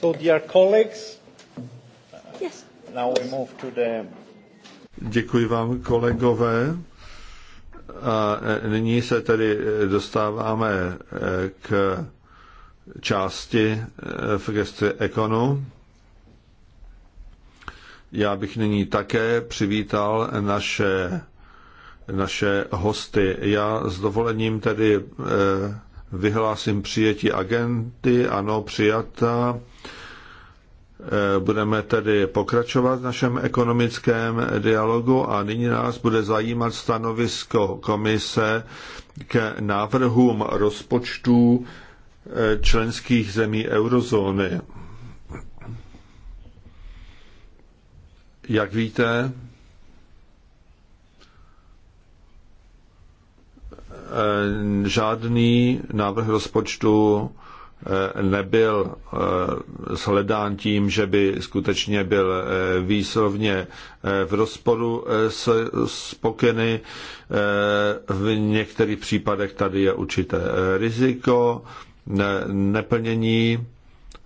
So, dear colleagues, yes. now we move to the... Děkuji vám, kolegové. A e, nyní se tedy e, dostáváme e, k části v gestci Econu. Já bych nyní také přivítal naše, naše hosty. Já s dovolením tedy vyhlásím přijetí agenty, ano, přijata. Eh, budeme tedy pokračovat v našem ekonomickém dialogu a nyní nás bude zajímat stanovisko komise k návrhům rozpočtů eh, členských zemí eurozóny. Jak víte, Eh, žádný návrh rozpočtu eh, nebyl eh, shledán tím, že by skutečně byl výslovně v rozporu s, spokeny. V některých případech tady je určité riziko neplnění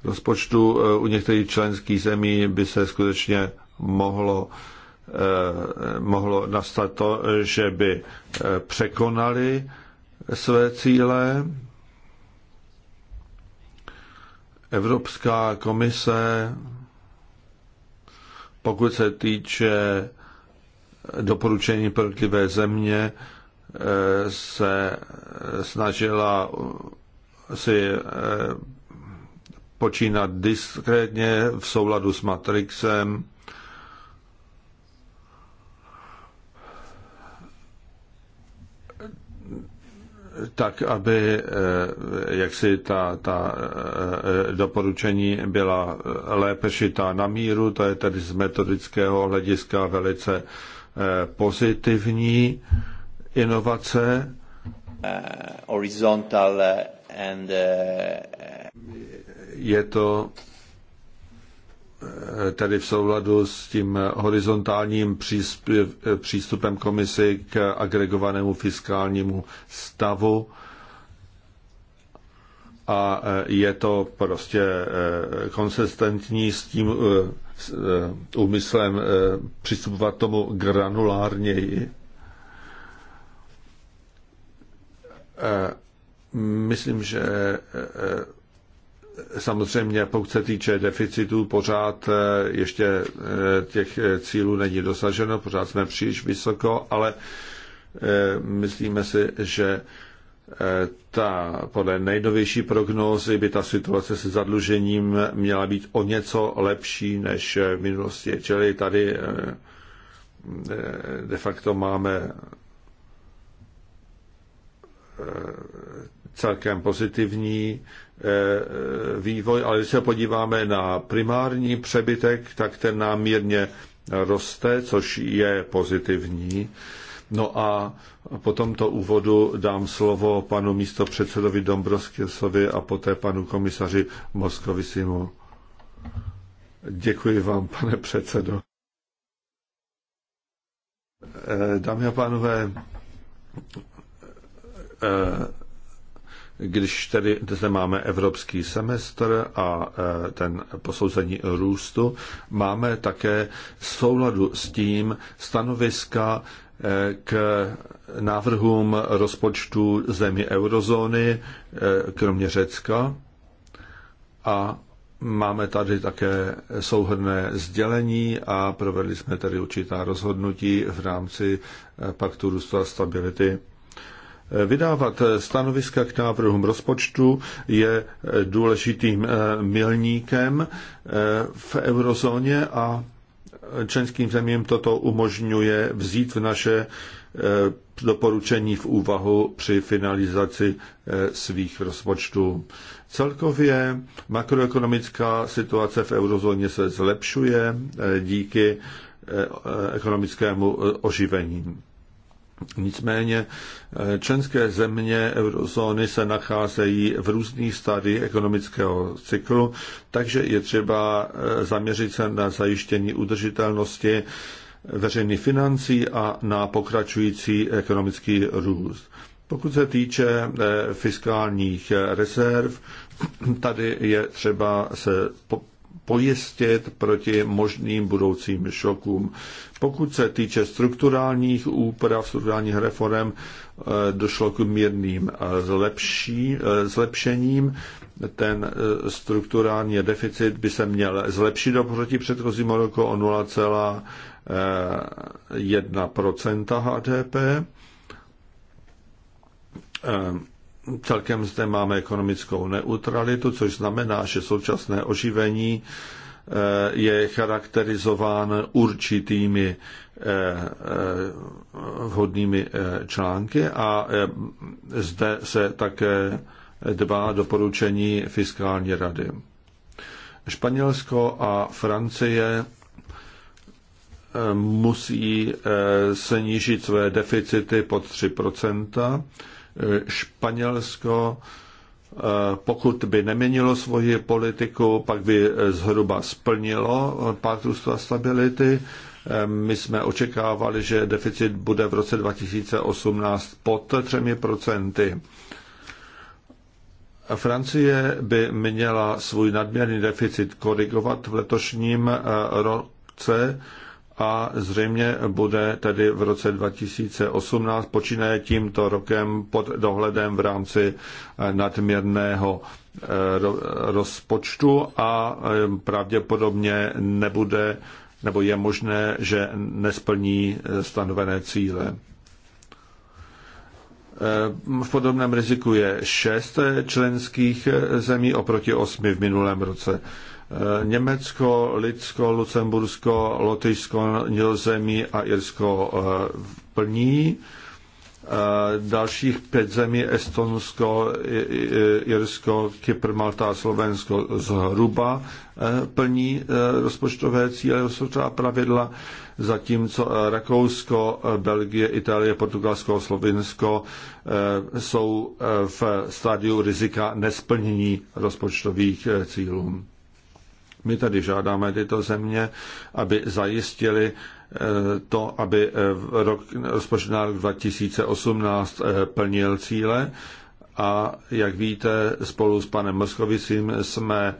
rozpočtu u některých členských zemí by se skutečně mohlo mohlo nastat to, že by překonali své cíle. Evropská komise, pokud se týče doporučení pro jednotlivé země, eh, se snažila si eh, počínat diskrétně v souladu s Matrixem tak aby eh, jaksi ta, ta eh, doporučení byla eh, lépe šitá na míru, to je tedy z metodického hlediska velice pozitivní inovace. Uh, horizontal and, uh... Je to tedy v souladu s tím horizontálním přístupem komisy k agregovanému fiskálnímu stavu. A e, je to prostě e, konsistentní s tím e, úmyslem přistupovat tomu granulárněji. Myslím, že Samozřejmě, pokud se týče deficitů, pořád eh, ještě eh, těch eh, cílů není dosaženo, pořád jsme příliš vysoko, ale myslíme si, že ta, podle nejnovější prognózy by ta situace se zadlužením měla být o něco lepší než v minulosti. Čili tady de facto máme celkem pozitivní eh, eh, vývoj, ale když se podíváme na primární přebytek, tak ten nám mírně roste, což je pozitivní. No a po tomto úvodu dám slovo panu místopředsedovi Dombrovskisovi a poté panu komisaři Moskovisimu. Děkuji vám, pane předsedo. Eh, dámy a pánové, když tedy zde máme evropský semestr a e, ten posouzení růstu, máme také souladu s tím stanoviska e, k návrhům rozpočtu zemí eurozóny, e, kromě Řecka. A máme tady také souhrné sdělení a provedli jsme tedy určitá rozhodnutí v rámci paktu růstu a stability Vydávat stanoviska k návrhům rozpočtu je důležitým eh, milníkem eh, v eurozóně a členským zemím toto umožňuje vzít v naše eh, doporučení v úvahu při finalizaci svých rozpočtů. Celkově makroekonomická situace v eurozóně se zlepšuje díky ekonomickému oživení. Nicméně eh, členské země eurozóny se nacházejí v různých stadiích ekonomického cyklu, takže je třeba eh, zaměřit se na zajištění udržitelnosti veřejných financí a na pokračující ekonomický růst. Pokud se týče eh, fiskálních rezerv, tady je třeba se pojistit proti možným budoucím šokům. Pokud se týče strukturálních úprav, strukturálních reform, eh, došlo k mírným eh, zlepší, eh, zlepšením. Ten strukturální deficit by se měl zlepšit oproti předchozímu roku o 0,1 HDP Celkem zde máme ekonomickou neutralitu, což znamená, že současné oživení eh, je charakterizován určitými eh, eh, vhodnými články a zde se také dbá doporučení fiskální rady. Španělsko a Francie musí snížit své deficity pod 3 Španělsko, eh, pokud by neměnilo svoji politiku, pak by eh, zhruba splnilo pakt a stability. Eh, my jsme očekávali, že deficit bude v roce 2018 pod 3%. Francie by měla svůj nadměrný deficit korigovat v letošním roce a zřejmě bude tedy v roce 2018 počínaje tímto rokem pod dohledem v rámci eh, nadměrného eh, rozpočtu a eh, pravděpodobně nebude nebo je možné, že nesplní stanovené cíle. V podobném riziku je šest členských zemí oproti osmi v minulém roce. Eh, Německo, Lidsko, Lucembursko, Lotyšsko, Nizozemí a Irsko eh, plní. Eh, dalších pět zemí Estonsko, Irsko, Kypr, Malta a Slovensko zhruba plní rozpočtové cíle, rozpočtová pravidla, zatímco Rakousko, Belgie, Itálie, Portugalsko a Slovinsko jsou v stádiu rizika nesplnění rozpočtových cílů. My tady žádáme tyto země, aby zajistili eh, to, aby eh, rok, rozpočet na rok 2018 eh, plnil cíle. A jak víte, spolu s panem Moskovicím jsme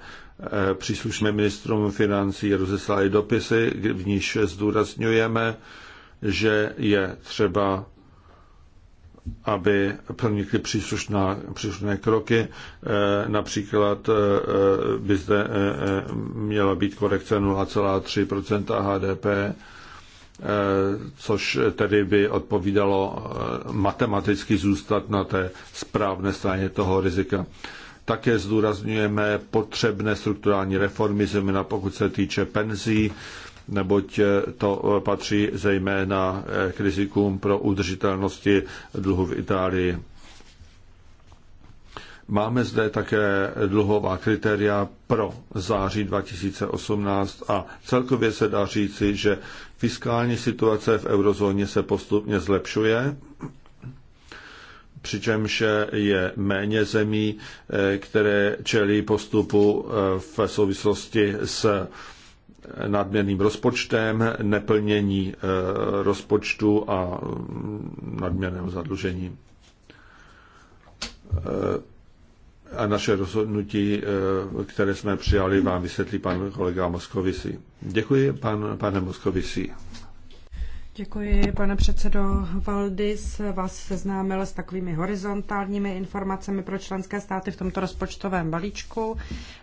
příslušným ministrům financí rozeslali dopisy, v níž zdůrazňujeme, že je třeba aby plnili příslušná, příslušné kroky. E, například e, e, by zde měla být korekce 0,3 HDP, což tedy by odpovídalo matematicky zůstat na té správné straně toho rizika. Také zdůrazňujeme potřebné strukturální reformy, zejména pokud se týče penzí neboť eh, to eh, patří zejména eh, k rizikům pro udržitelnosti dluhu v Itálii. Máme zde také dluhová kritéria pro září 2018 a celkově se dá říci, že fiskální situace v eurozóně se postupně zlepšuje, přičemž je méně zemí, které čelí postupu v souvislosti s nadměrným rozpočtem, neplnění eh, rozpočtu a mm, nadměrném zadlužení. Eh, a naše rozhodnutí, eh, které jsme přijali, vám vysvětlí pan kolega Moskovisi. Děkuji, pan, pane Moskovisi. Děkuji, pane předsedo Valdis. Vás seznámil s takovými horizontálními informacemi pro členské státy v tomto rozpočtovém balíčku.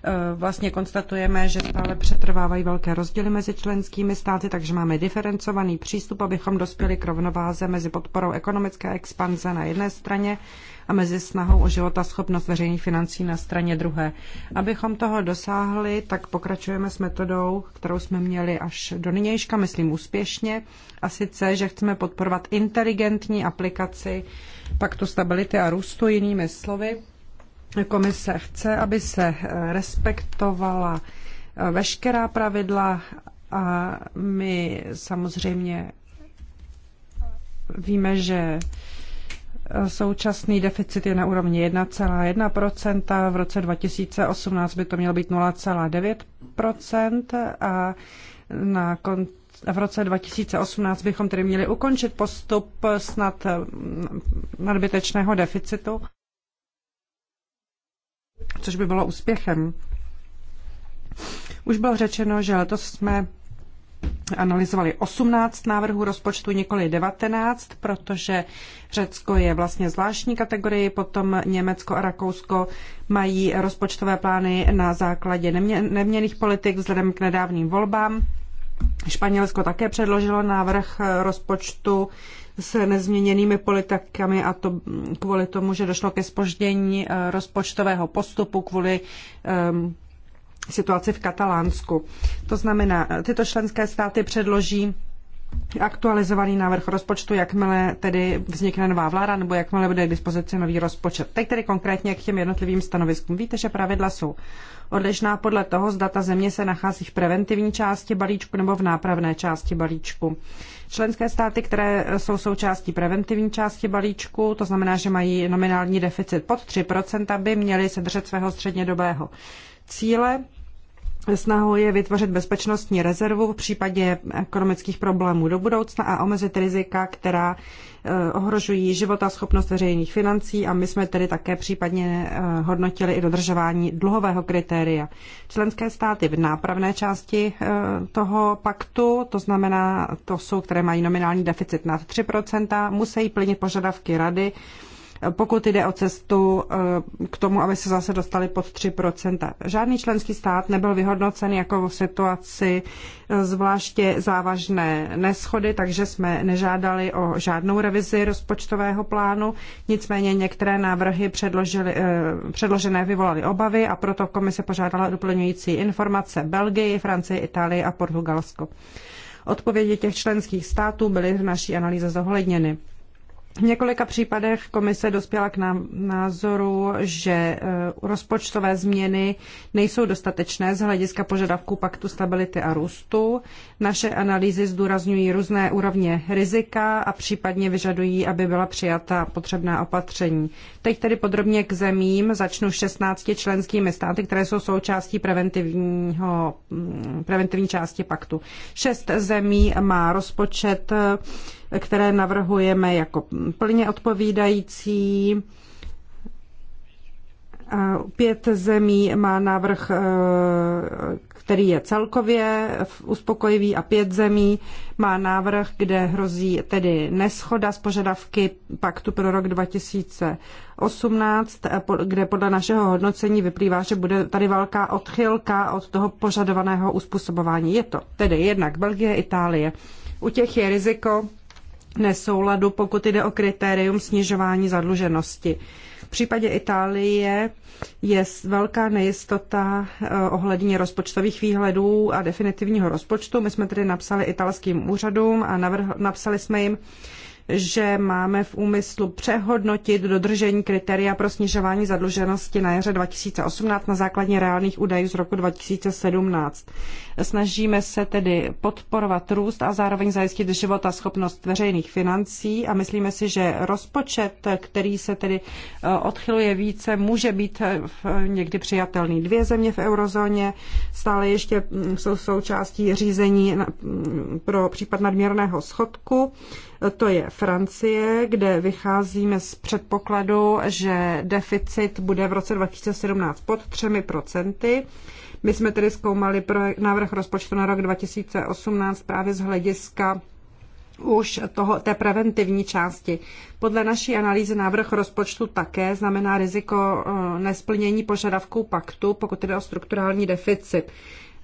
E, vlastně konstatujeme, že stále přetrvávají velké rozdíly mezi členskými státy, takže máme diferencovaný přístup, abychom dospěli k rovnováze mezi podporou ekonomické expanze na jedné straně a mezi snahou o život a schopnost veřejných financí na straně druhé. Abychom toho dosáhli, tak pokračujeme s metodou, kterou jsme měli až do nynějška, myslím úspěšně, a sice, že chceme podporovat inteligentní aplikaci paktu stability a růstu, jinými slovy, komise chce, aby se eh, respektovala eh, veškerá pravidla a my samozřejmě víme, že Současný deficit je na úrovni 1,1%, v roce 2018 by to mělo být 0,9% a na konci v roce 2018 bychom tedy měli ukončit postup snad mm, nadbytečného deficitu, což by bylo úspěchem. Už bylo řečeno, že letos jsme analyzovali 18 návrhů rozpočtu, nikoli 19, protože Řecko je vlastně zvláštní kategorii, potom Německo a Rakousko mají rozpočtové plány na základě neměných politik vzhledem k nedávným volbám. Španělsko také předložilo návrh rozpočtu s nezměněnými politikami a to kvůli tomu, že došlo ke spoždění eh, rozpočtového postupu kvůli ehm, situaci v Katalánsku. To znamená, tyto členské státy předloží aktualizovaný návrh rozpočtu, jakmile tedy vznikne nová vláda nebo jakmile bude k dispozici nový rozpočet. Teď tedy konkrétně k těm jednotlivým stanoviskům. Víte, že pravidla jsou odlišná podle toho, zda ta země se nachází v preventivní části balíčku nebo v nápravné části balíčku. Členské státy, které jsou součástí preventivní části balíčku, to znamená, že mají nominální deficit pod 3%, by měly se držet svého střednědobého cíle Snahou je vytvořit bezpečnostní rezervu v případě ekonomických problémů do budoucna a omezit rizika, která eh, ohrožují život a schopnost veřejných financí a my jsme tedy také případně eh, hodnotili i dodržování dluhového kritéria. Členské státy v nápravné části eh, toho paktu, to znamená, to jsou, které mají nominální deficit nad 3%, musí plnit požadavky rady pokud jde o cestu eh, k tomu, aby se zase dostali pod 3%. Žádný členský stát nebyl vyhodnocen jako v situaci eh, zvláště závažné neschody, takže jsme nežádali o žádnou revizi rozpočtového plánu. Nicméně některé návrhy eh, předložené vyvolaly obavy a proto komise požádala doplňující informace Belgii, Francii, Itálii a Portugalsko. Odpovědi těch členských států byly v naší analýze zohledněny. V několika případech komise dospěla k názoru, že eh, rozpočtové změny nejsou dostatečné z hlediska požadavků paktu stability a růstu. Naše analýzy zdůrazňují různé úrovně rizika a případně vyžadují, aby byla přijata potřebná opatření. Teď tedy podrobně k zemím začnu 16 členskými státy, které jsou součástí preventivního, mm, preventivní části paktu. Šest zemí má rozpočet, které navrhujeme jako plně odpovídající. Pět zemí má návrh který je celkově uspokojivý a pět zemí má návrh, kde hrozí tedy neschoda z požadavky paktu pro rok 2018, eh, kde podle našeho hodnocení vyplývá, že bude tady velká odchylka od toho požadovaného uspůsobování. Je to tedy jednak Belgie, Itálie. U těch je riziko nesouladu, pokud jde o kritérium snižování zadluženosti. V případě Itálie je velká nejistota eh, ohledně rozpočtových výhledů a definitivního rozpočtu. My jsme tedy napsali italským úřadům a navrhl, napsali jsme jim, že máme v úmyslu přehodnotit dodržení kritéria pro snižování zadluženosti na jaře 2018 na základě reálných údajů z roku 2017. Snažíme se tedy podporovat růst a zároveň zajistit život a schopnost veřejných financí a myslíme si, že rozpočet, který se tedy eh, odchyluje více, může být eh, někdy přijatelný. Dvě země v eurozóně stále ještě mm, jsou součástí řízení mm, pro případ nadměrného schodku. To je Francie, kde vycházíme z předpokladu, že deficit bude v roce 2017 pod 3%. My jsme tedy zkoumali návrh rozpočtu na rok 2018 právě z hlediska už toho, té preventivní části. Podle naší analýzy návrh rozpočtu také znamená riziko eh, nesplnění požadavků paktu, pokud jde o strukturální deficit.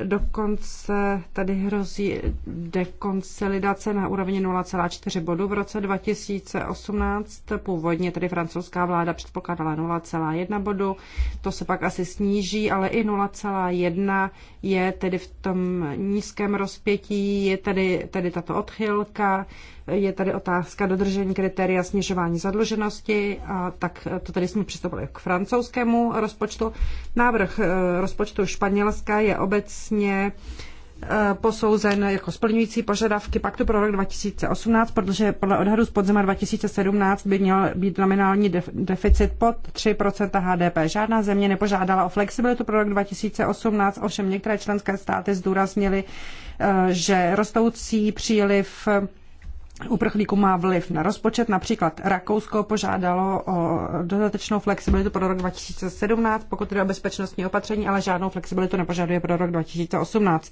Dokonce tady hrozí dekonsolidace na úrovni 0,4 bodu v roce 2018. Původně tedy francouzská vláda předpokládala 0,1 bodu. To se pak asi sníží, ale i 0,1 je tedy v tom nízkém rozpětí, je tedy, tedy tato odchylka. Je tady otázka dodržení kritéria snižování zadluženosti, a tak to tady jsme přistoupili k francouzskému rozpočtu. Návrh eh, rozpočtu Španělska je obecně eh, posouzen jako splňující požadavky paktu pro rok 2018, protože podle odhadu z podzima 2017 by měl být nominální deficit pod 3 HDP. Žádná země nepožádala o flexibilitu pro rok 2018, ovšem některé členské státy zdůraznily, eh, že rostoucí příliv uprchlíků má vliv na rozpočet. Například Rakousko požádalo o dodatečnou flexibilitu pro rok 2017, pokud jde o bezpečnostní opatření, ale žádnou flexibilitu nepožaduje pro rok 2018.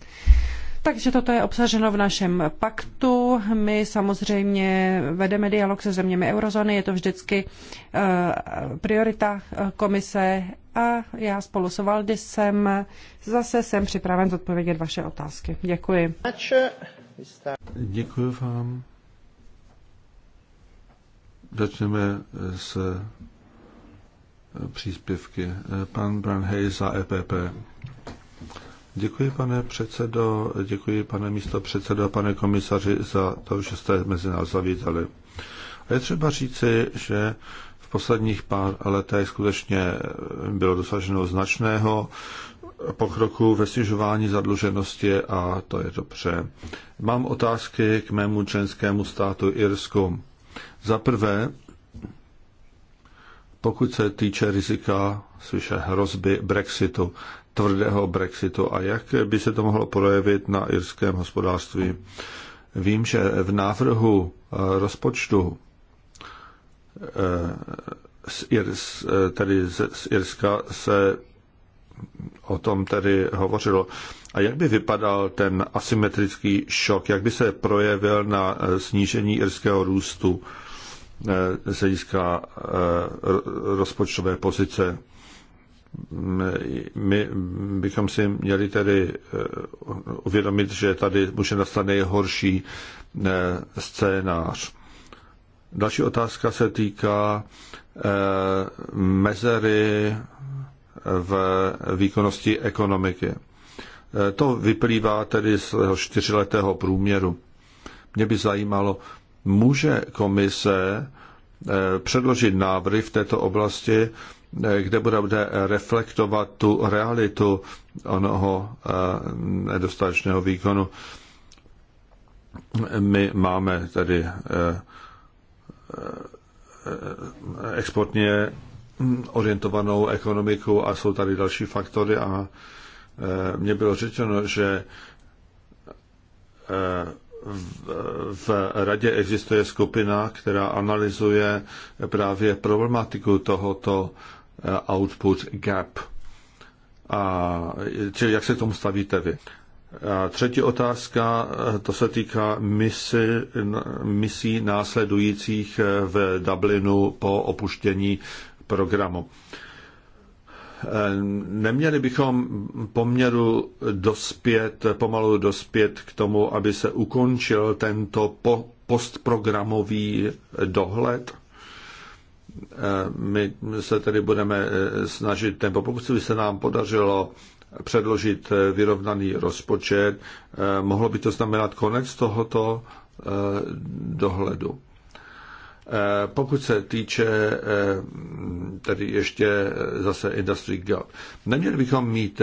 Takže toto je obsaženo v našem paktu. My samozřejmě vedeme dialog se zeměmi eurozóny, je to vždycky uh, priorita eh, komise a já spolu s Valdisem zase jsem připraven zodpovědět vaše otázky. Děkuji. Děkuji vám. Začneme s eh, příspěvky. Eh, pan Branhej za EPP. Děkuji, pane předsedo, děkuji, pane místo předsedo, pane komisaři, za to, že jste mezi nás zavítali. A je třeba říci, že v posledních pár letech skutečně eh, bylo dosaženo značného pokroku ve snižování zadluženosti a to je dobře. Mám otázky k mému členskému státu Irsku. Za prvé, pokud se týče rizika slyše hrozby Brexitu, tvrdého Brexitu a jak by se to mohlo projevit na irském hospodářství. Vím, že v návrhu eh, rozpočtu eh, z, Irs, eh, tedy z, z Irska se o tom tedy hovořilo. A jak by vypadal ten asymetrický šok, jak by se projevil na snížení irského růstu? Eh, z hlediska eh, rozpočtové pozice. My bychom si měli tedy eh, uvědomit, že tady může nastat nejhorší scénář. Další otázka se týká mezery v výkonnosti ekonomiky. To vyplývá tedy z čtyřiletého průměru. Mě by zajímalo, může komise eh, předložit návrhy v této oblasti, eh, kde bude reflektovat tu realitu onoho eh, nedostatečného výkonu. My máme tedy exportně orientovanou ekonomiku a jsou tady další faktory a mně bylo řečeno, že v radě existuje skupina, která analyzuje právě problematiku tohoto eh, output gap. A, čili jak se k tomu stavíte vy? A třetí otázka, eh, to se týká misi, misí následujících eh, v Dublinu po opuštění programu. Uh, neměli bychom poměru dospět, pomalu dospět k tomu, aby se ukončil tento po, postprogramový dohled? My se tedy budeme snažit, nebo pokud by se nám podařilo předložit vyrovnaný rozpočet, mohlo by to znamenat konec tohoto dohledu. Eh, pokud se týče eh, tedy ještě eh, zase Industry Gap, neměli bychom mít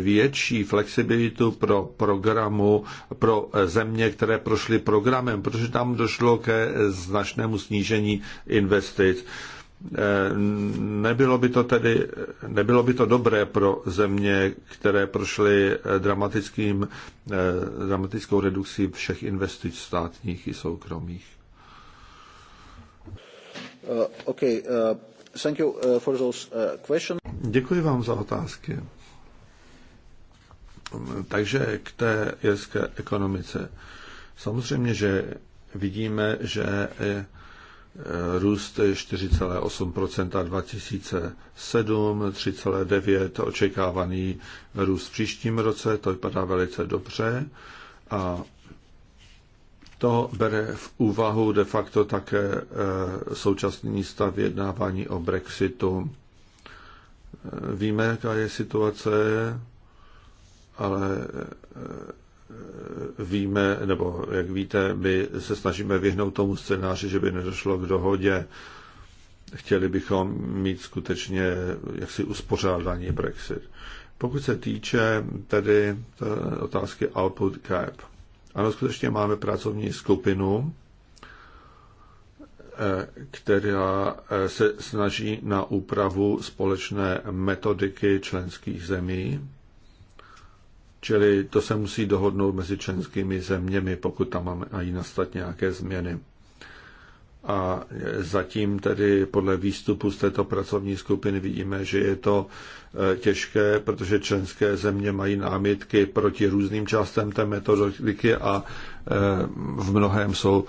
větší flexibilitu pro programu, pro země, které prošly programem, protože tam došlo ke značnému snížení investic. Nebylo by to tedy, nebylo by to dobré pro země, které prošly dramatickým, dramatickou redukcí všech investic státních i soukromých. Děkuji vám za otázky. Um, takže k té irské ekonomice. Samozřejmě, že vidíme, že eh, růst 4,8 2007, 3,9 očekávaný růst v příštím roce, to vypadá velice dobře. A to bere v úvahu de facto také eh, současný stav jednávání o Brexitu. Eh, víme, jaká je situace, ale eh, víme, nebo jak víte, my se snažíme vyhnout tomu scénáři, že by nedošlo k dohodě. Chtěli bychom mít skutečně jaksi uspořádání Brexit. Pokud se týče tedy otázky output cap, ano, skutečně máme pracovní skupinu, eh, která eh, se snaží na úpravu společné metodiky členských zemí. Čili to se musí dohodnout mezi členskými zeměmi, pokud tam máme i nastat nějaké změny a zatím tedy podle výstupu z této pracovní skupiny vidíme, že je to eh, těžké, protože členské země mají námitky proti různým částem té metodiky a eh, v mnohém jsou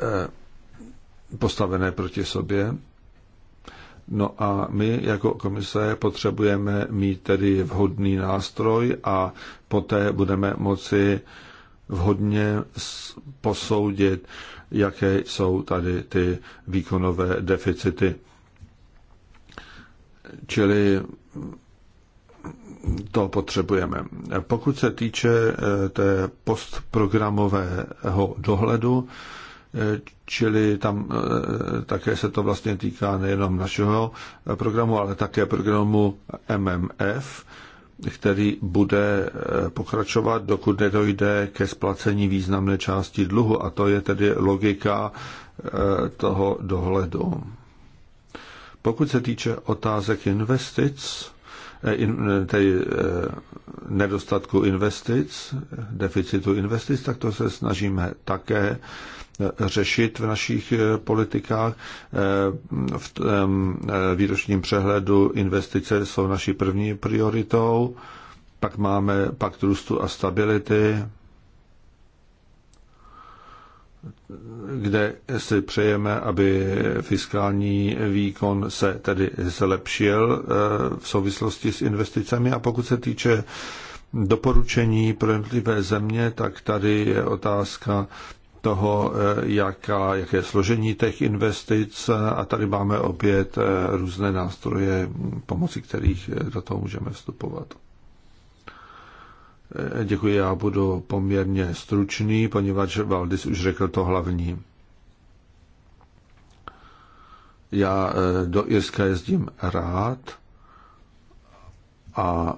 eh, postavené proti sobě. No a my jako komise potřebujeme mít tedy vhodný nástroj a poté budeme moci vhodně posoudit, jaké jsou tady ty výkonové deficity. Čili to potřebujeme. Pokud se týče eh, té postprogramového dohledu, eh, čili tam eh, také se to vlastně týká nejenom našeho programu, ale také programu MMF, který bude eh, pokračovat, dokud nedojde ke splacení významné části dluhu. A to je tedy logika eh, toho dohledu. Pokud se týče otázek investic, eh, tedy nedostatku investic, deficitu investic, tak to se snažíme také řešit v našich eh, politikách. Eh, v eh, výročním přehledu investice jsou naší první prioritou, pak máme pakt růstu a stability, kde si přejeme, aby fiskální výkon se tedy zlepšil v souvislosti s investicemi. A pokud se týče doporučení pro jednotlivé země, tak tady je otázka toho, eh, jaká, jaké složení těch investic a tady máme opět eh, různé nástroje, pomocí kterých eh, do toho můžeme vstupovat. Děkuji, já budu poměrně stručný, poněvadž Valdis už řekl to hlavní. Já do Irska jezdím rád a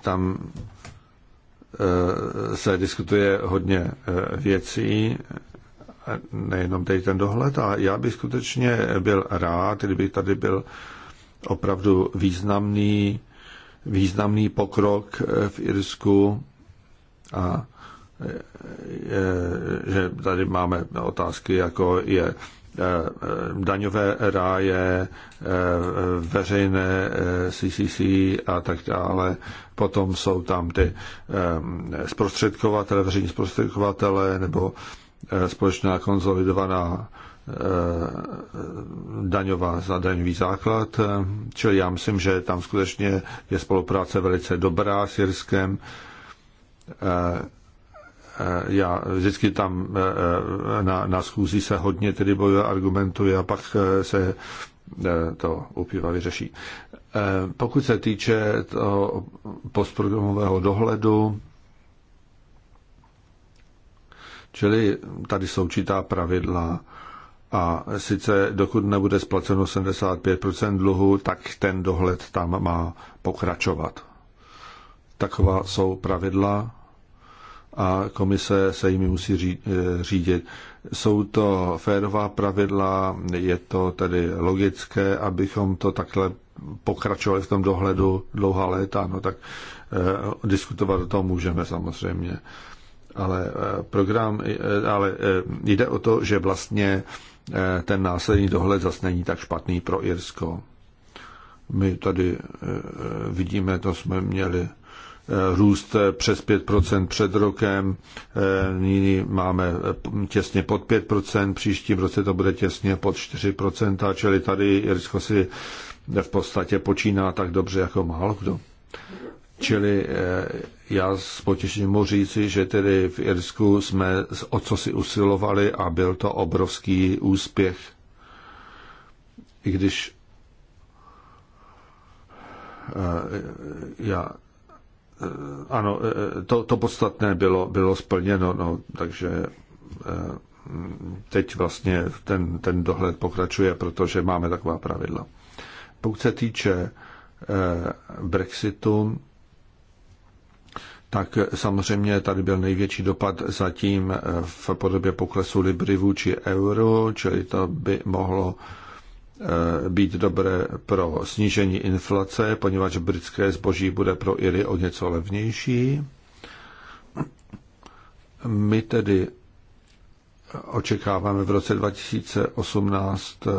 tam Eh, se diskutuje hodně eh, věcí, nejenom tady ten dohled, a já bych skutečně byl rád, kdyby tady byl opravdu významný, významný pokrok eh, v Irsku a že tady máme otázky, jako je Eh, eh, daňové ráje, eh, veřejné CCC a tak dále. Potom jsou tam ty zprostředkovatele, veřejní zprostředkovatele nebo společná konzolidovaná daňová za daňový základ. Čili já myslím, že tam skutečně je spolupráce velice dobrá s Jirskem Eh, já vždycky tam eh, eh, na, na schůzi se hodně tedy bojuje, argumentuje a pak se to upíva vyřeší. Pokud se týče toho postprogramového dohledu, čili tady jsou určitá pravidla, a sice dokud nebude splaceno 75% dluhu, tak ten dohled tam má pokračovat. Taková jsou pravidla a komise se jimi musí eh, řídit. Jsou to férová pravidla, je to tedy logické, abychom to takhle pokračovali v tom dohledu dlouhá léta, no tak eh, diskutovat o tom můžeme samozřejmě. Ale eh, program, eh, ale eh, jde o to, že vlastně eh, ten následný dohled zase není tak špatný pro Irsko. My tady eh, eh vidíme, to jsme měli Eh, růst eh, přes 5% před rokem, eh, nyní máme těsně pod 5%, příštím roce to bude těsně pod 4%, čili tady Jirsko si v podstatě počíná tak dobře jako málo kdo. Čili já s potěšením mohu říci, že tedy v Irsku jsme o co si usilovali a byl to obrovský úspěch. I když já Eh, ano, eh, eh, to, to podstatné bylo, bylo splněno, no, takže teď vlastně ten, ten dohled pokračuje, protože máme taková pravidla. Pokud se týče Brexitu, tak samozřejmě tady byl největší dopad zatím v podobě poklesu Libry vůči euro, čili to by mohlo Eh, být dobré pro snížení inflace, poněvadž britské zboží bude pro Iry o něco levnější. My tedy očekáváme v roce 2018, eh,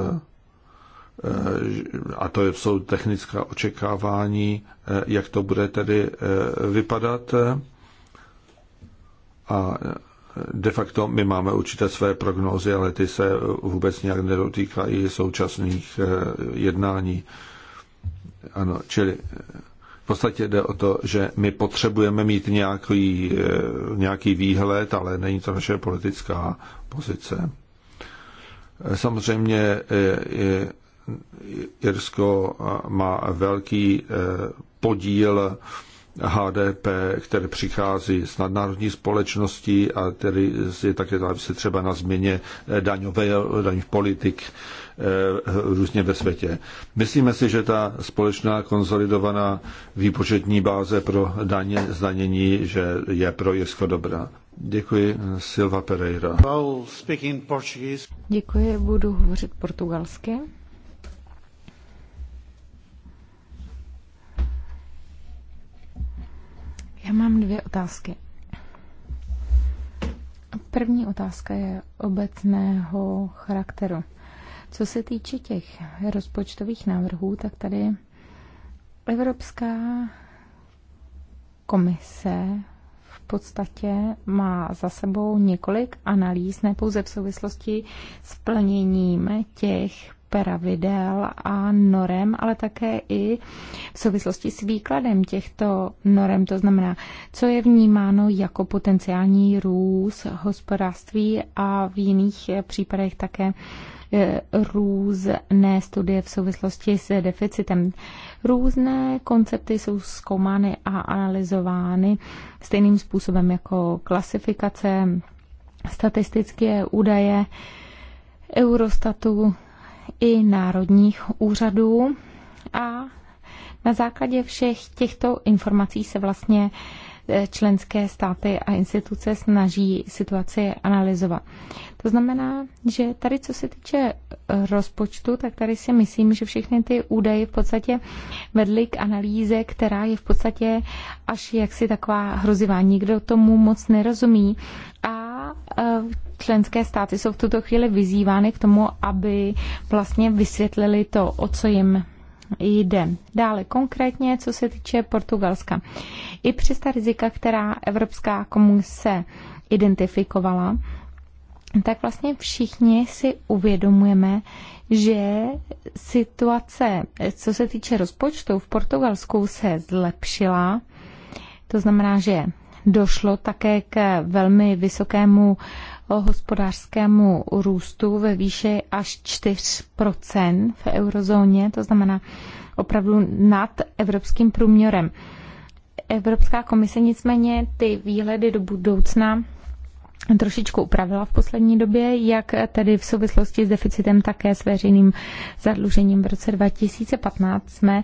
a to jsou technická očekávání, eh, jak to bude tedy vypadat. A De facto my máme určité své prognózy, ale ty se vůbec nějak nedotýkají současných eh, jednání. Ano, čili eh, v podstatě jde o to, že my potřebujeme mít nějaký, eh, nějaký výhled, ale není to naše politická pozice. Samozřejmě Jirsko má velký podíl HDP, které přichází z nadnárodní společností a který je také závisí třeba na změně eh, daňové, daňových politik eh, různě ve světě. Myslíme si, že ta společná konsolidovaná výpočetní báze pro daně, zdanění, že je pro Jirsko dobrá. Děkuji, Silva Pereira. Děkuji, budu hovořit portugalsky. Já mám dvě otázky. První otázka je obecného charakteru. Co se týče těch rozpočtových návrhů, tak tady Evropská komise v podstatě má za sebou několik analýz, ne pouze v souvislosti s plněním těch pravidel a norem, ale také i v souvislosti s výkladem těchto norem, to znamená, co je vnímáno jako potenciální růst hospodářství a v jiných případech také e, různé studie v souvislosti s deficitem. Různé koncepty jsou zkoumány a analyzovány stejným způsobem jako klasifikace, statistické údaje Eurostatu i národních úřadů a na základě všech těchto informací se vlastně eh, členské státy a instituce snaží situaci analyzovat. To znamená, že tady, co se týče eh, rozpočtu, tak tady si myslím, že všechny ty údaje v podstatě vedly k analýze, která je v podstatě až jaksi taková hrozivá. Nikdo tomu moc nerozumí a Eh, členské státy jsou v tuto chvíli vyzývány k tomu, aby vlastně vysvětlili to, o co jim jde. Dále konkrétně, co se týče Portugalska. I přes ta rizika, která Evropská komise identifikovala, tak vlastně všichni si uvědomujeme, že situace, co se týče rozpočtu v Portugalsku, se zlepšila. To znamená, že došlo také k velmi vysokému eh, hospodářskému růstu ve výši až 4% v eurozóně, to znamená opravdu nad evropským průměrem. Evropská komise nicméně ty výhledy do budoucna trošičku upravila v poslední době, jak tedy v souvislosti s deficitem také s veřejným zadlužením. V roce 2015 jsme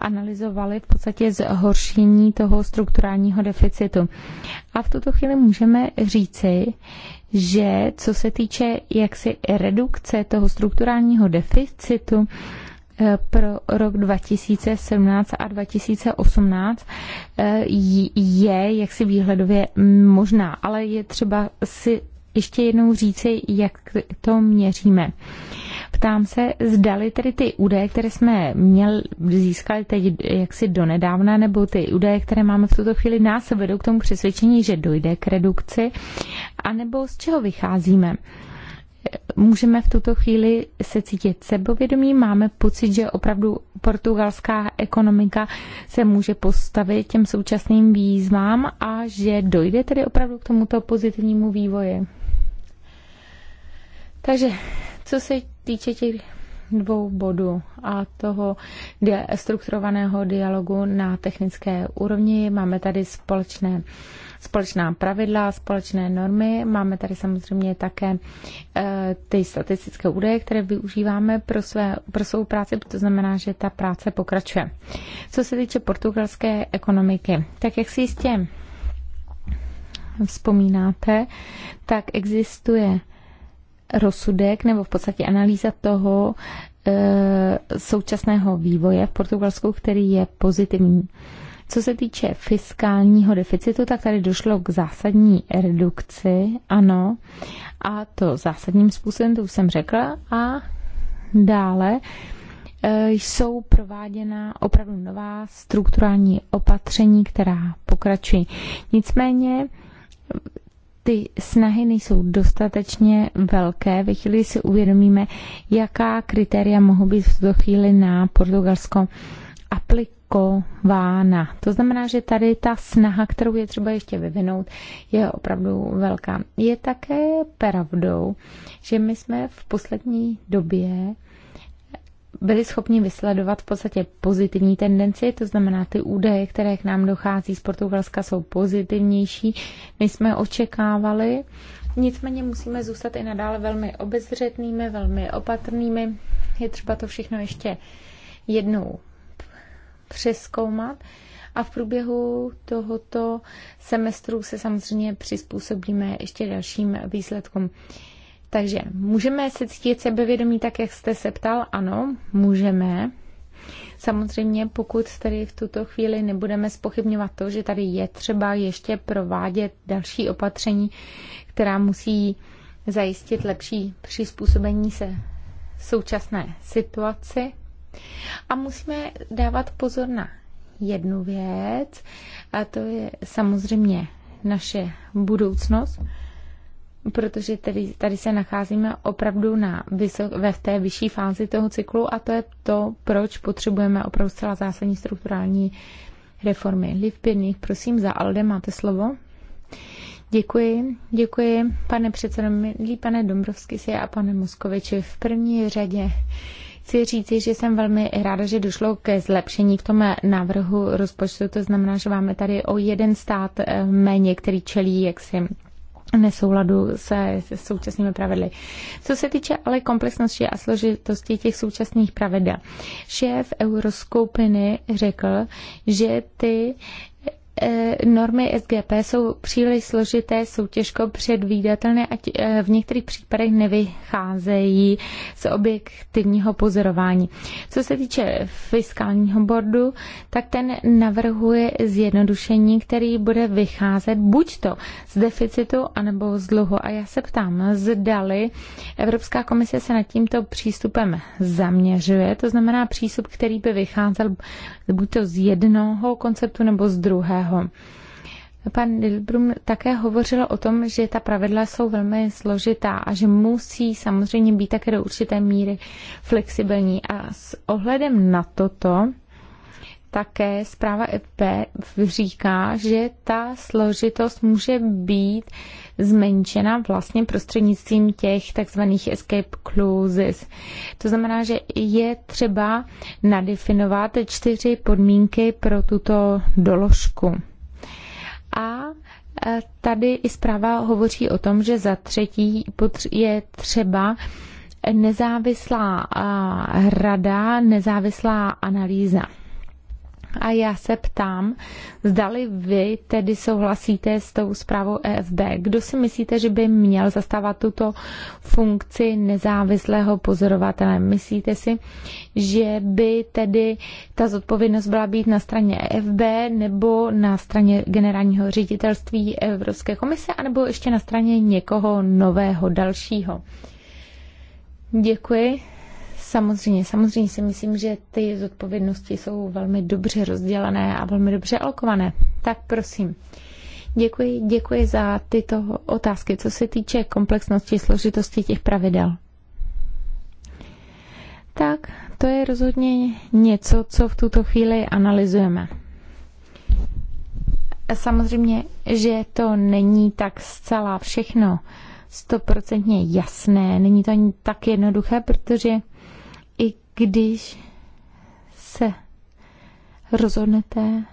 analyzovali v podstatě zhoršení toho strukturálního deficitu. A v tuto chvíli můžeme říci, že co se týče jaksi redukce toho strukturálního deficitu, pro rok 2017 a 2018 eh, je jaksi výhledově možná, ale je třeba si ještě jednou říci, jak to měříme. Ptám se, zdali tedy ty údaje, které jsme měl, získali teď jaksi donedávna, nebo ty údaje, které máme v tuto chvíli, nás vedou k tomu přesvědčení, že dojde k redukci, anebo z čeho vycházíme můžeme v tuto chvíli se cítit sebovědomí, máme pocit, že opravdu portugalská ekonomika se může postavit těm současným výzvám a že dojde tedy opravdu k tomuto pozitivnímu vývoji. Takže, co se týče těch dvou bodů a toho strukturovaného dialogu na technické úrovni, máme tady společné společná pravidla, společné normy. Máme tady samozřejmě také eh, ty statistické údaje, které využíváme pro, své, pro svou práci, to znamená, že ta práce pokračuje. Co se týče portugalské ekonomiky, tak jak si jistě vzpomínáte, tak existuje rozsudek nebo v podstatě analýza toho e, současného vývoje v Portugalsku, který je pozitivní. E, co se týče fiskálního deficitu, tak tady došlo k zásadní redukci, ano, a to zásadním způsobem, to už jsem řekla, a dále e, jsou prováděna opravdu nová strukturální opatření, která pokračují. Nicméně ty snahy nejsou dostatečně velké. Ve chvíli si uvědomíme, jaká kritéria mohou být v tuto chvíli na Portugalsko aplik blokována. To znamená, že tady ta snaha, kterou je třeba ještě vyvinout, je opravdu velká. Je také pravdou, že my jsme v poslední době byli schopni vysledovat v podstatě pozitivní tendenci, to znamená ty údaje, které k nám dochází z Portugalska, jsou pozitivnější, než jsme očekávali. Nicméně musíme zůstat i nadále velmi obezřetnými, velmi opatrnými. Je třeba to všechno ještě jednou přeskoumat a v průběhu tohoto semestru se samozřejmě přizpůsobíme ještě dalším výsledkům. Takže můžeme se cítit sebevědomí tak, jak jste se ptal? Ano, můžeme. Samozřejmě, pokud tady v tuto chvíli nebudeme spochybňovat to, že tady je třeba ještě provádět další opatření, která musí zajistit lepší přizpůsobení se současné situaci, a musíme dávat pozor na jednu věc, a to je samozřejmě naše budoucnost, protože tady, tady se nacházíme opravdu na vysok, ve v té vyšší fázi toho cyklu a to je to, proč potřebujeme opravdu zcela zásadní strukturální reformy. Liv Pirných, prosím, za Alde máte slovo. Děkuji, děkuji, pane předsedo, milí pane Dombrovský si a pane Moskoviči. V první řadě chci říci, že jsem velmi ráda, že došlo ke zlepšení v tom návrhu rozpočtu. To znamená, že máme tady o jeden stát eh, méně, který čelí jaksi nesouladu se, současnými pravidly. Co se týče ale komplexnosti a složitosti těch současných pravidel, šéf euroskoupiny řekl, že ty Eh, normy SGP jsou příliš složité, jsou těžko předvídatelné a eh, v některých případech nevycházejí z objektivního pozorování. Co se týče fiskálního bordu, tak ten navrhuje zjednodušení, který bude vycházet buď to z deficitu, anebo z dluhu. A já se ptám, zdali Evropská komise se nad tímto přístupem zaměřuje, to znamená přístup, který by vycházel buď to z jednoho konceptu nebo z druhého. Pan Dilbrum také hovořil o tom, že ta pravidla jsou velmi složitá a že musí samozřejmě být také do určité míry flexibilní. A s ohledem na toto také zpráva EP říká, že ta složitost může být zmenšena vlastně prostřednictvím těch takzvaných escape clauses. To znamená, že je třeba nadefinovat čtyři podmínky pro tuto doložku. A e, tady i zpráva hovoří o tom, že za třetí je třeba nezávislá rada, nezávislá analýza. A já se ptám, zdali vy tedy souhlasíte s tou zprávou EFB. Kdo si myslíte, že by měl zastávat tuto funkci nezávislého pozorovatele? Myslíte si, že by tedy ta zodpovědnost byla být na straně EFB nebo na straně generálního ředitelství Evropské komise, anebo ještě na straně někoho nového, dalšího? Děkuji. Samozřejmě, samozřejmě si myslím, že ty zodpovědnosti jsou velmi dobře rozdělené a velmi dobře alokované. Tak prosím. Děkuji, děkuji za tyto otázky, co se týče komplexnosti, složitosti těch pravidel. Tak, to je rozhodně něco, co v tuto chvíli analyzujeme. Samozřejmě, že to není tak zcela všechno stoprocentně jasné, není to ani tak jednoduché, protože když se rozhodnete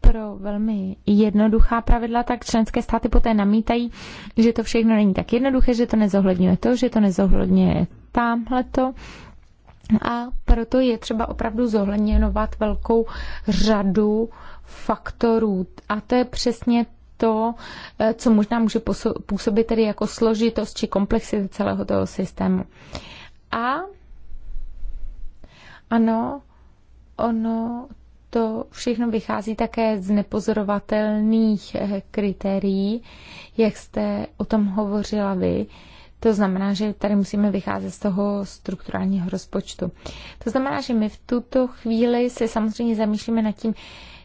pro velmi jednoduchá pravidla, tak členské státy poté namítají, že to všechno není tak jednoduché, že to nezohledňuje to, že to nezohledňuje tamhleto. A proto je třeba opravdu zohledňovat velkou řadu faktorů. A to je přesně to, eh, co možná může působit tedy jako složitost či komplexity celého toho systému. A ano, ono to všechno vychází také z nepozorovatelných eh, kritérií, jak jste o tom hovořila vy. To znamená, že tady musíme vycházet z toho strukturálního rozpočtu. To znamená, že my v tuto chvíli se samozřejmě zamýšlíme nad tím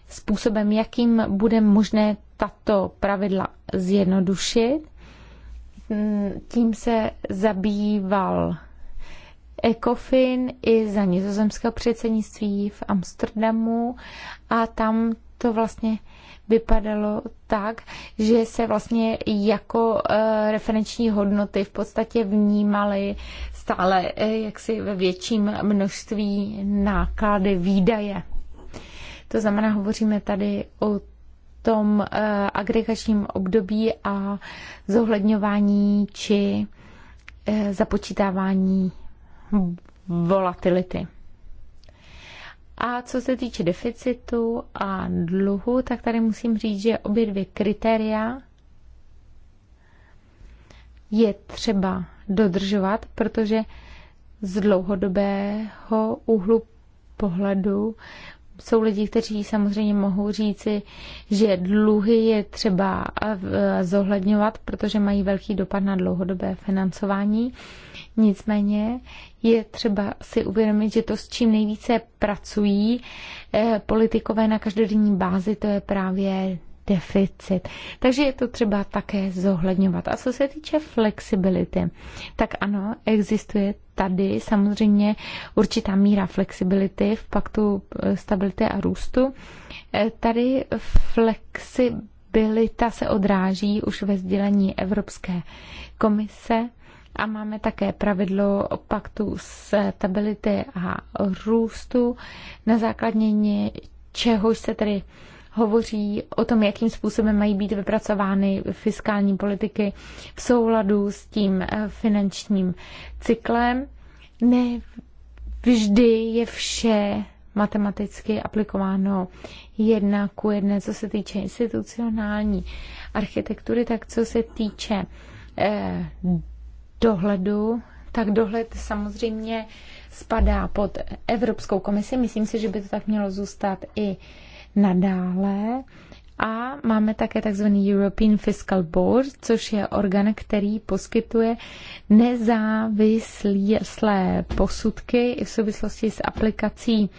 způsobem, jakým bude možné tato pravidla zjednodušit. Hm, tím se zabýval ECOFIN i za nizozemského předsednictví v Amsterdamu a tam to vlastně vypadalo tak, že se vlastně jako eh, referenční hodnoty v podstatě vnímaly stále eh, jaksi ve větším množství náklady výdaje. To znamená, hovoříme tady o tom eh, agregačním období a zohledňování či započítávání volatility. A co se týče deficitu a dluhu, tak tady musím říct, že obě dvě kritéria je třeba dodržovat, protože z dlouhodobého úhlu pohledu jsou lidi, kteří samozřejmě mohou říci, že dluhy je třeba eh, eh, zohledňovat, protože mají velký dopad na dlouhodobé financování. Nicméně je třeba si uvědomit, že to, s čím nejvíce pracují eh, politikové na každodenní bázi, to je právě deficit. Takže je to třeba také zohledňovat. A co se týče flexibility, tak ano, existuje tady samozřejmě určitá míra flexibility v paktu eh, stability a růstu. Eh, tady flexibilita se odráží už ve sdělení Evropské komise a máme také pravidlo o paktu stability a růstu, na základě čehož se tedy hovoří o tom, jakým způsobem mají být vypracovány fiskální politiky v souladu s tím eh, finančním cyklem. Ne vždy je vše matematicky aplikováno jedna ku jedné, co se týče institucionální architektury, tak co se týče eh, dohledu, tak dohled samozřejmě spadá pod Evropskou komisi. Myslím si, že by to tak mělo zůstat i eh, nadále. A máme také tzv. European Fiscal Board, což je orgán, který poskytuje nezávislé posudky v souvislosti s aplikací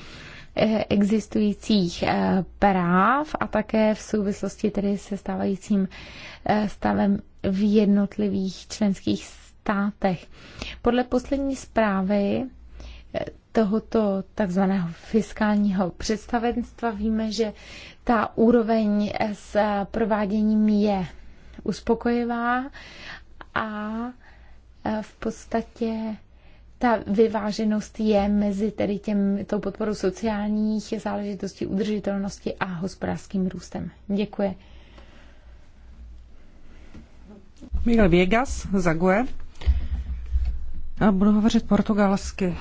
eh, existujících eh, práv a také v souvislosti tedy se stávajícím eh, stavem v jednotlivých členských státech. Podle poslední zprávy tohoto takzvaného fiskálního představenstva víme, že ta úroveň s prováděním je uspokojivá a v podstatě ta vyváženost je mezi tedy těm, tou podporou sociálních záležitostí, udržitelnosti a hospodářským růstem. Děkuji. Miguel Viegas, Zague. Já budu hovořit portugalsky.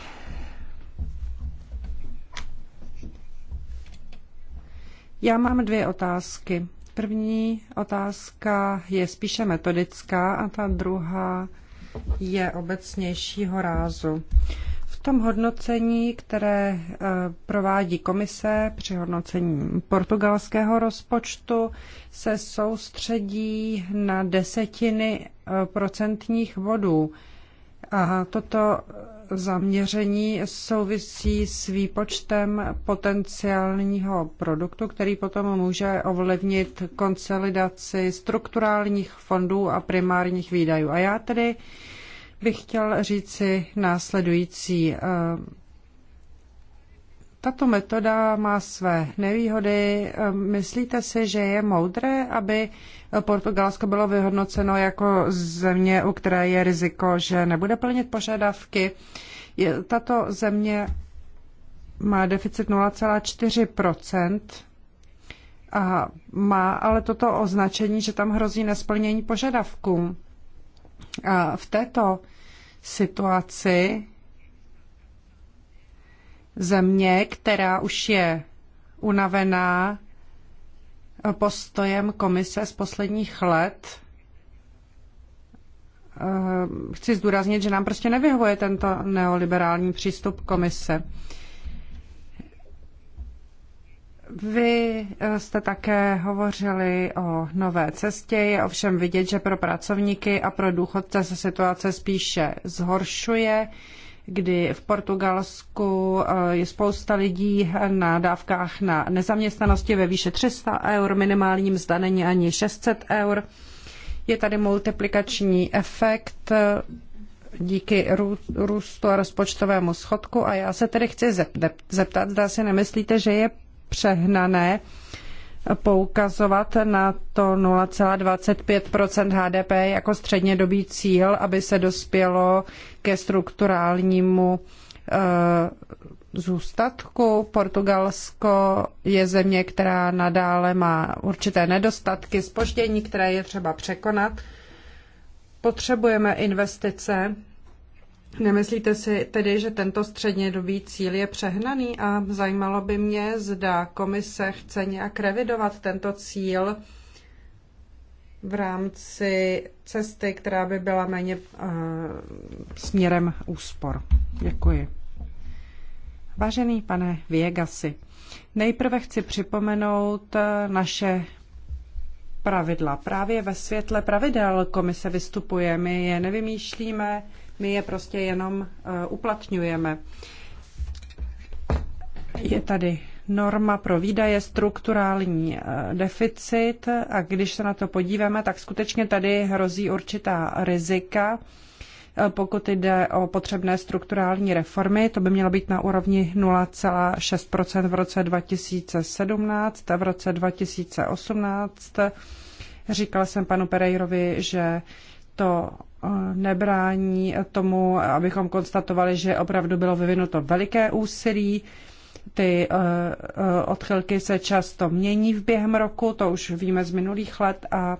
Já mám dvě otázky. První otázka je spíše metodická a ta druhá je obecnějšího rázu. V tom hodnocení, které eh, provádí komise při hodnocení portugalského rozpočtu, se soustředí na desetiny eh, procentních bodů. A toto zaměření souvisí s výpočtem potenciálního produktu, který potom může ovlivnit konsolidaci strukturálních fondů a primárních výdajů. A já tedy bych chtěl říci následující. Eh, tato metoda má své nevýhody. Myslíte si, že je moudré, aby Portugalsko bylo vyhodnoceno jako země, u které je riziko, že nebude plnit požadavky? Tato země má deficit 0,4 a má ale toto označení, že tam hrozí nesplnění požadavků. A v této situaci země, která už je unavená postojem komise z posledních let. Eh, chci zdůraznit, že nám prostě nevyhovuje tento neoliberální přístup komise. Vy eh, jste také hovořili o nové cestě. Je ovšem vidět, že pro pracovníky a pro důchodce se situace spíše zhoršuje. Uh, kdy v Portugalsku eh, je spousta lidí na dávkách na nezaměstnanosti ve výše 300 eur, minimálním zdanení ani 600 eur. Je tady multiplikační efekt eh, díky růstu a rozpočtovému schodku a já se tedy chci zeptat, zda si nemyslíte, že je přehnané poukazovat na to 0,25 HDP jako střednědobý cíl, aby se dospělo ke strukturálnímu eh, zůstatku. Portugalsko je země, která nadále má určité nedostatky, spoždění, které je třeba překonat. Potřebujeme investice Nemyslíte si tedy, že tento střednědobý cíl je přehnaný a zajímalo by mě, zda komise chce nějak revidovat tento cíl v rámci cesty, která by byla méně uh, směrem úspor. Děkuji. Vážený pane Viegasi, nejprve chci připomenout eh, naše pravidla. Právě ve světle pravidel komise vystupuje, my je nevymýšlíme, my je prostě jenom eh, uplatňujeme. Je tady norma pro výdaje, strukturální eh, deficit a když se na to podíváme, tak skutečně tady hrozí určitá rizika, eh, pokud jde o potřebné strukturální reformy. To by mělo být na úrovni 0,6 v roce 2017 a v roce 2018. Říkala jsem panu Perejrovi, že to Eh, nebrání tomu, abychom konstatovali, že opravdu bylo vyvinuto veliké úsilí. Ty eh, eh, odchylky se často mění v během roku, to už víme z minulých let a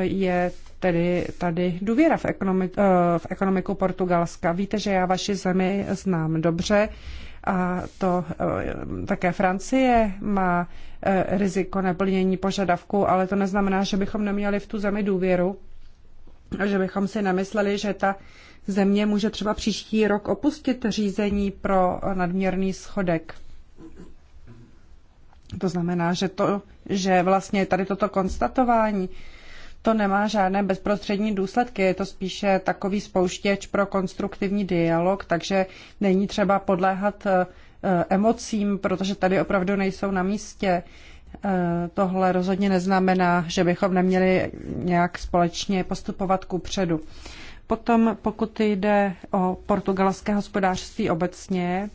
je tedy tady důvěra v, ekonomi, v ekonomiku Portugalska. Víte, že já vaši zemi znám dobře a to také Francie má riziko neplnění požadavku, ale to neznamená, že bychom neměli v tu zemi důvěru a že bychom si nemysleli, že ta země může třeba příští rok opustit řízení pro nadměrný schodek. To znamená, že, to, že vlastně tady toto konstatování, to nemá žádné bezprostřední důsledky, je to spíše takový spouštěč pro konstruktivní dialog, takže není třeba podléhat eh, emocím, protože tady opravdu nejsou na místě. Eh, tohle rozhodně neznamená, že bychom neměli nějak společně postupovat ku předu. Potom, pokud jde o portugalské hospodářství obecně,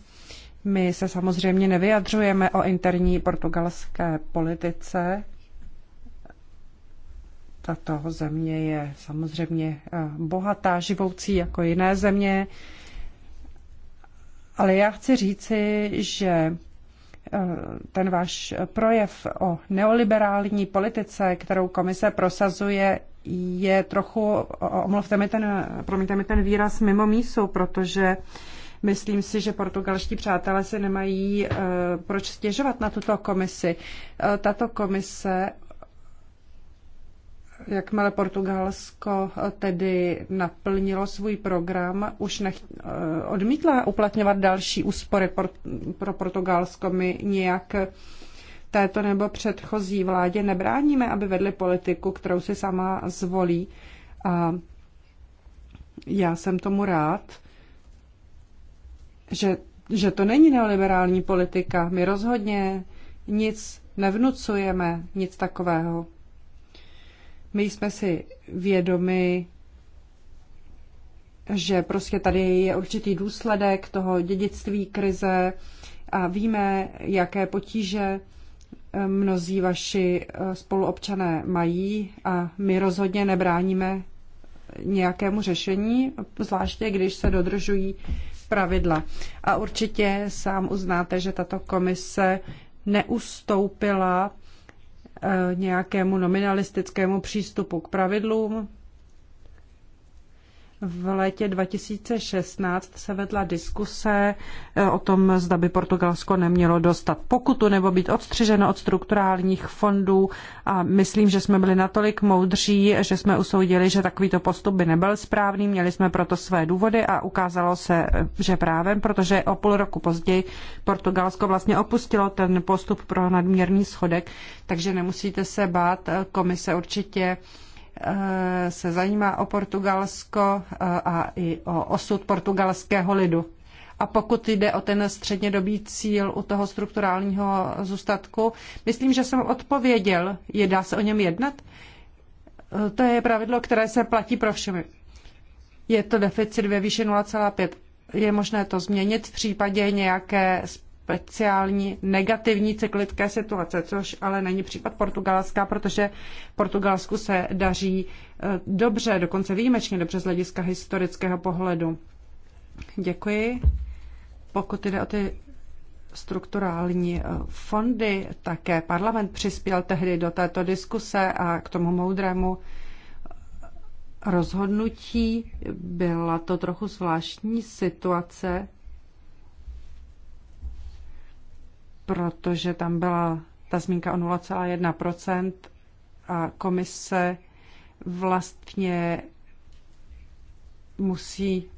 my se samozřejmě nevyjadřujeme o interní portugalské politice. Tato země je samozřejmě eh, bohatá, živoucí jako jiné země. Ale já chci říci, že Eh, ten váš projev o neoliberální politice, kterou komise prosazuje, je trochu, omluvte mi ten, promiňte mi ten výraz mimo mísu, protože myslím si, že portugalští přátelé si nemají eh, proč stěžovat na tuto komisi. Eh, tato komise jakmile Portugalsko eh, tedy naplnilo svůj program, už nech, eh, odmítla uplatňovat další úspory pro, Portugalsko. My nějak této nebo předchozí vládě nebráníme, aby vedli politiku, kterou si sama zvolí. A já jsem tomu rád, že, že to není neoliberální politika. My rozhodně nic nevnucujeme, nic takového. My jsme si vědomi, že prostě tady je určitý důsledek toho dědictví krize a víme, jaké potíže eh, mnozí vaši eh, spoluobčané mají a my rozhodně nebráníme nějakému řešení, zvláště když se dodržují pravidla. A určitě sám uznáte, že tato komise neustoupila Eh, nějakému nominalistickému přístupu k pravidlům. V létě 2016 se vedla diskuse eh, o tom, zda by Portugalsko nemělo dostat pokutu nebo být odstřiženo od strukturálních fondů a myslím, že jsme byli natolik moudří, že jsme usoudili, že takovýto postup by nebyl správný, měli jsme proto své důvody a ukázalo se, eh, že právem, protože o půl roku později Portugalsko vlastně opustilo ten postup pro nadměrný schodek, takže nemusíte se bát, eh, komise určitě Eh, se zajímá o Portugalsko eh, a i o osud portugalského lidu. A pokud jde o ten střednědobý cíl u toho strukturálního zůstatku, myslím, že jsem odpověděl, je, dá se o něm jednat. Eh, to je pravidlo, které se platí pro všemi. Je to deficit ve výši 0,5. Je možné to změnit v případě nějaké speciální negativní cyklické situace, což ale není případ Portugalska, protože Portugalsku se daří eh, dobře, dokonce výjimečně dobře z hlediska historického pohledu. Děkuji. Pokud jde o ty strukturální eh, fondy, také parlament přispěl tehdy do této diskuse a k tomu moudrému eh, rozhodnutí. Byla to trochu zvláštní situace, protože tam byla ta zmínka o 0,1% a komise vlastně musí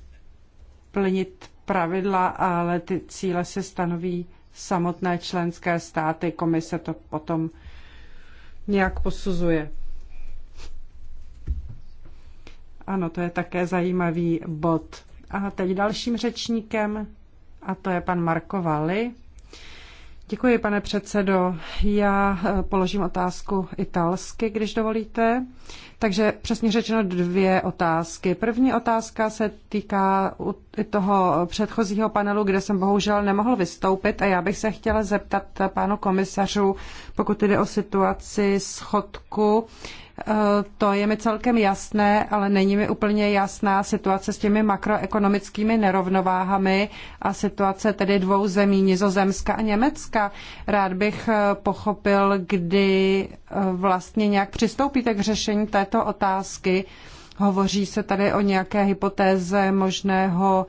plnit pravidla, ale ty cíle se stanoví samotné členské státy. Komise to potom nějak posuzuje. Ano, to je také zajímavý bod. A teď dalším řečníkem, a to je pan Marko Vali. Děkuji, pane předsedo. Já eh, položím otázku italsky, když dovolíte. Takže přesně řečeno dvě otázky. První otázka se týká toho předchozího panelu, kde jsem bohužel nemohl vystoupit a já bych se chtěla zeptat pánu komisařů, pokud jde o situaci schodku Eh, to je mi celkem jasné, ale není mi úplně jasná situace s těmi makroekonomickými nerovnováhami a situace tedy dvou zemí, Nizozemska a Německa. Rád bych eh, pochopil, kdy eh, vlastně nějak přistoupíte k řešení této otázky. Hovoří se tady o nějaké hypotéze možného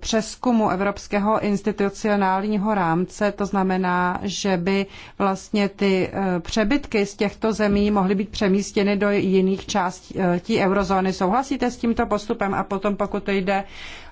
přeskumu evropského institucionálního rámce, to znamená, že by vlastně ty e, přebytky z těchto zemí mohly být přemístěny do jiných částí e, eurozóny. Souhlasíte s tímto postupem? A potom, pokud jde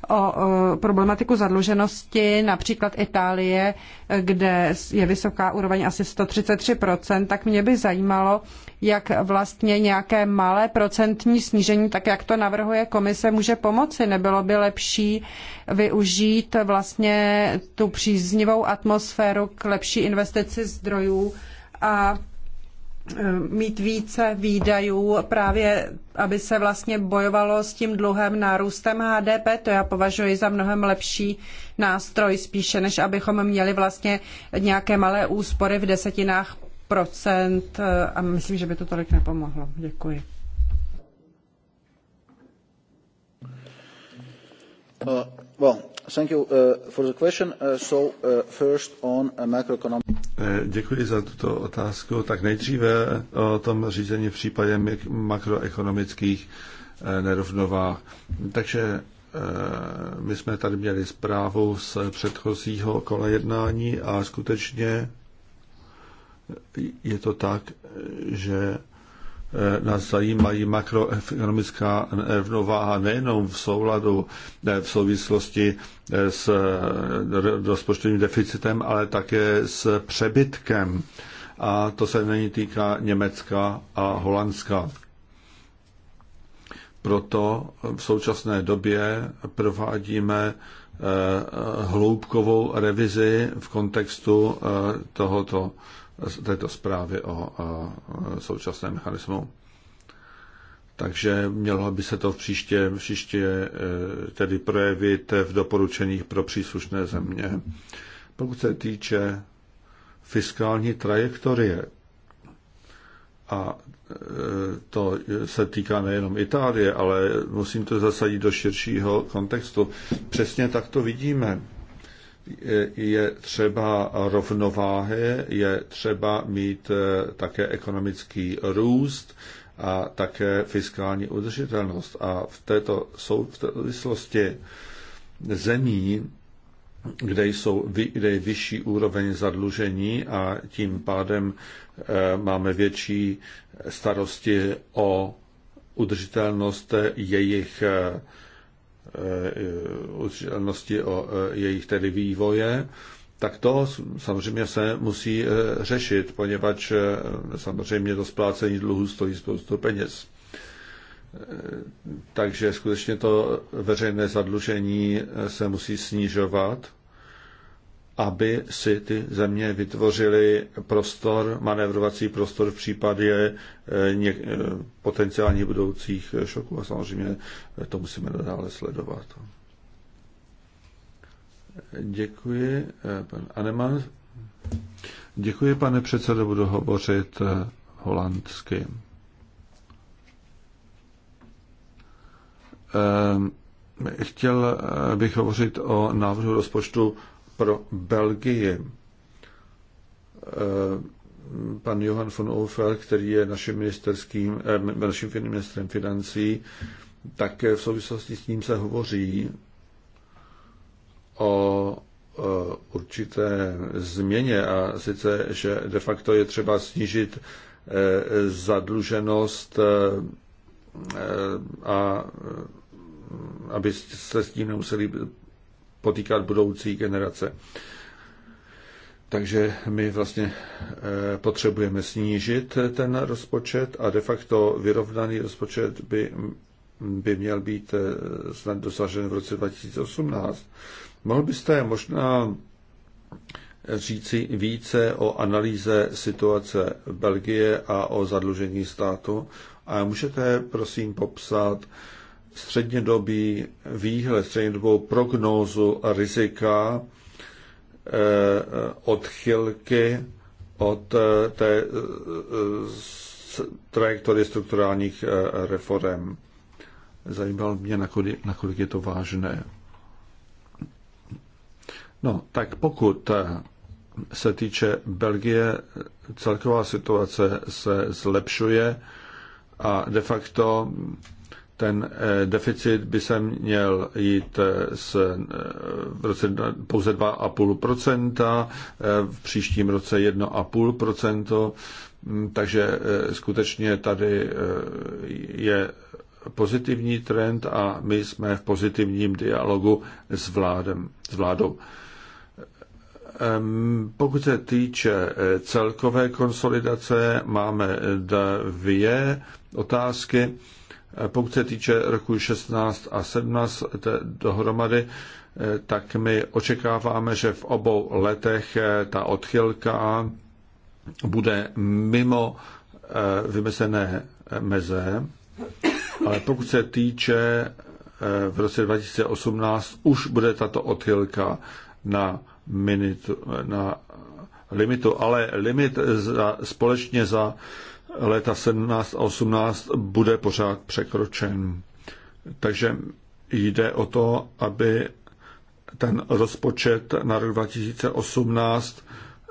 o problematiku zadluženosti například Itálie, kde je vysoká úroveň asi 133%, tak mě by zajímalo, jak vlastně nějaké malé procentní snížení, tak jak to navrhuje komise, může pomoci. Nebylo by lepší využít vlastně tu příznivou atmosféru k lepší investici zdrojů a mít více výdajů právě, aby se vlastně bojovalo s tím dlouhým nárůstem HDP. To já považuji za mnohem lepší nástroj spíše, než abychom měli vlastně nějaké malé úspory v desetinách procent eh, a myslím, že by to tolik nepomohlo. Děkuji. Uh, eh, well, Thank you uh, for the question. Uh, so uh, first on macroeconomic. Eh, děkuji za tuto otázku. Tak nejdříve eh, o tom řízení v případě makroekonomických eh, nerovnovách. Takže my jsme tady měli zprávu z předchozího kola jednání a skutečně je to tak, že Eh, nás zajímají makroekonomická rovnováha nejenom v souladu, eh, v souvislosti eh, s rozpočtovým deficitem, ale také s přebytkem. A to se není týká Německa a Holandska. Proto v současné době provádíme hloubkovou revizi v kontextu tohoto této zprávy o současném mechanismu. Takže mělo by se to v příště, v příště eh, tedy projevit v doporučeních pro příslušné země. Pokud se týče fiskální trajektorie, a eh, to se týká nejenom Itálie, ale musím to zasadit do širšího kontextu. Přesně tak to vidíme je třeba rovnováhy, je třeba mít eh, také ekonomický růst a také fiskální udržitelnost. A v této souvislosti zemí, kde, jsou, kde je vyšší úroveň zadlužení a tím pádem eh, máme větší starosti o udržitelnost jejich eh, Eh, udržitelnosti, o eh, jejich tedy vývoje, tak to samozřejmě se musí eh, řešit, poněvadž samozřejmě to splácení dluhu stojí spoustu peněz. Takže skutečně to veřejné zadlužení se musí snižovat aby si ty země vytvořily prostor, manevrovací prostor v případě eh, eh, potenciálně budoucích šoků. A samozřejmě to musíme dále sledovat. Děkuji, eh, pan Aneman. Děkuji, pane předsedo, budu hovořit holandsky. Ehm, chtěl bych hovořit o návrhu rozpočtu pro Belgii. Eh, pan Johan von Ofel, který je naším, ministerským, eh, naším ministrem financí, tak eh, v souvislosti s ním se hovoří o určité změně a sice, že de facto je třeba snížit zadluženost a aby se s tím nemuseli potýkat budoucí generace. Takže my vlastně eh, potřebujeme snížit ten rozpočet a de facto vyrovnaný rozpočet by, by měl být eh, snad dosažen v roce 2018. Mohl byste možná říci více o analýze situace Belgie a o zadlužení státu? A můžete prosím popsat, střednědobý výhled, střednědobou prognózu a rizika eh, eh, odchylky od eh, té trajektorie strukturálních reform. Zajímalo mě, nakolik, je to vážné. No, tak pokud se týče Belgie, celková situace se zlepšuje a de facto ten eh, deficit by se měl jít z, eh, eh, v roce pouze 2,5%, v příštím roce 1,5%, mm, takže skutečně tady je pozitivní trend a my jsme v pozitivním dialogu s, vládem, s vládou. Ehm, pokud se týče celkové konsolidace, máme dvě otázky. Pokud se týče roku 16 a 17 dohromady, eh, tak my očekáváme, že v obou letech eh, ta odchylka bude mimo eh, vymezené meze, ale pokud se týče v roce 2018, už bude tato odchylka na, minitu, na limitu, ale limit za, společně za léta 17 a 18 bude pořád překročen. Takže jde o to, aby ten rozpočet na rok 2018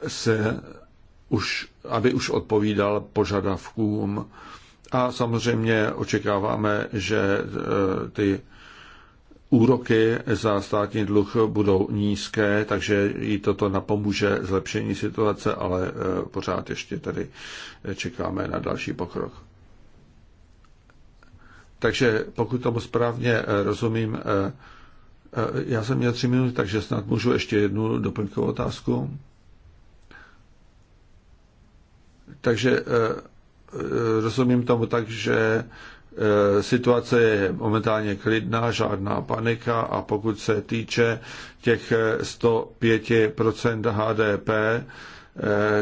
se už, aby už odpovídal požadavkům. A samozřejmě očekáváme, že e, ty úroky za státní dluh budou nízké, takže jí toto napomůže zlepšení situace, ale eh, pořád ještě tady eh, čekáme na další pokrok. Takže pokud tomu správně eh, rozumím, já jsem měl tři minuty, takže snad můžu ještě jednu doplňkovou otázku. Takže rozumím tomu tak, že Eh, situace je momentálně klidná, žádná panika a pokud se týče těch 105% eh, HDP, eh,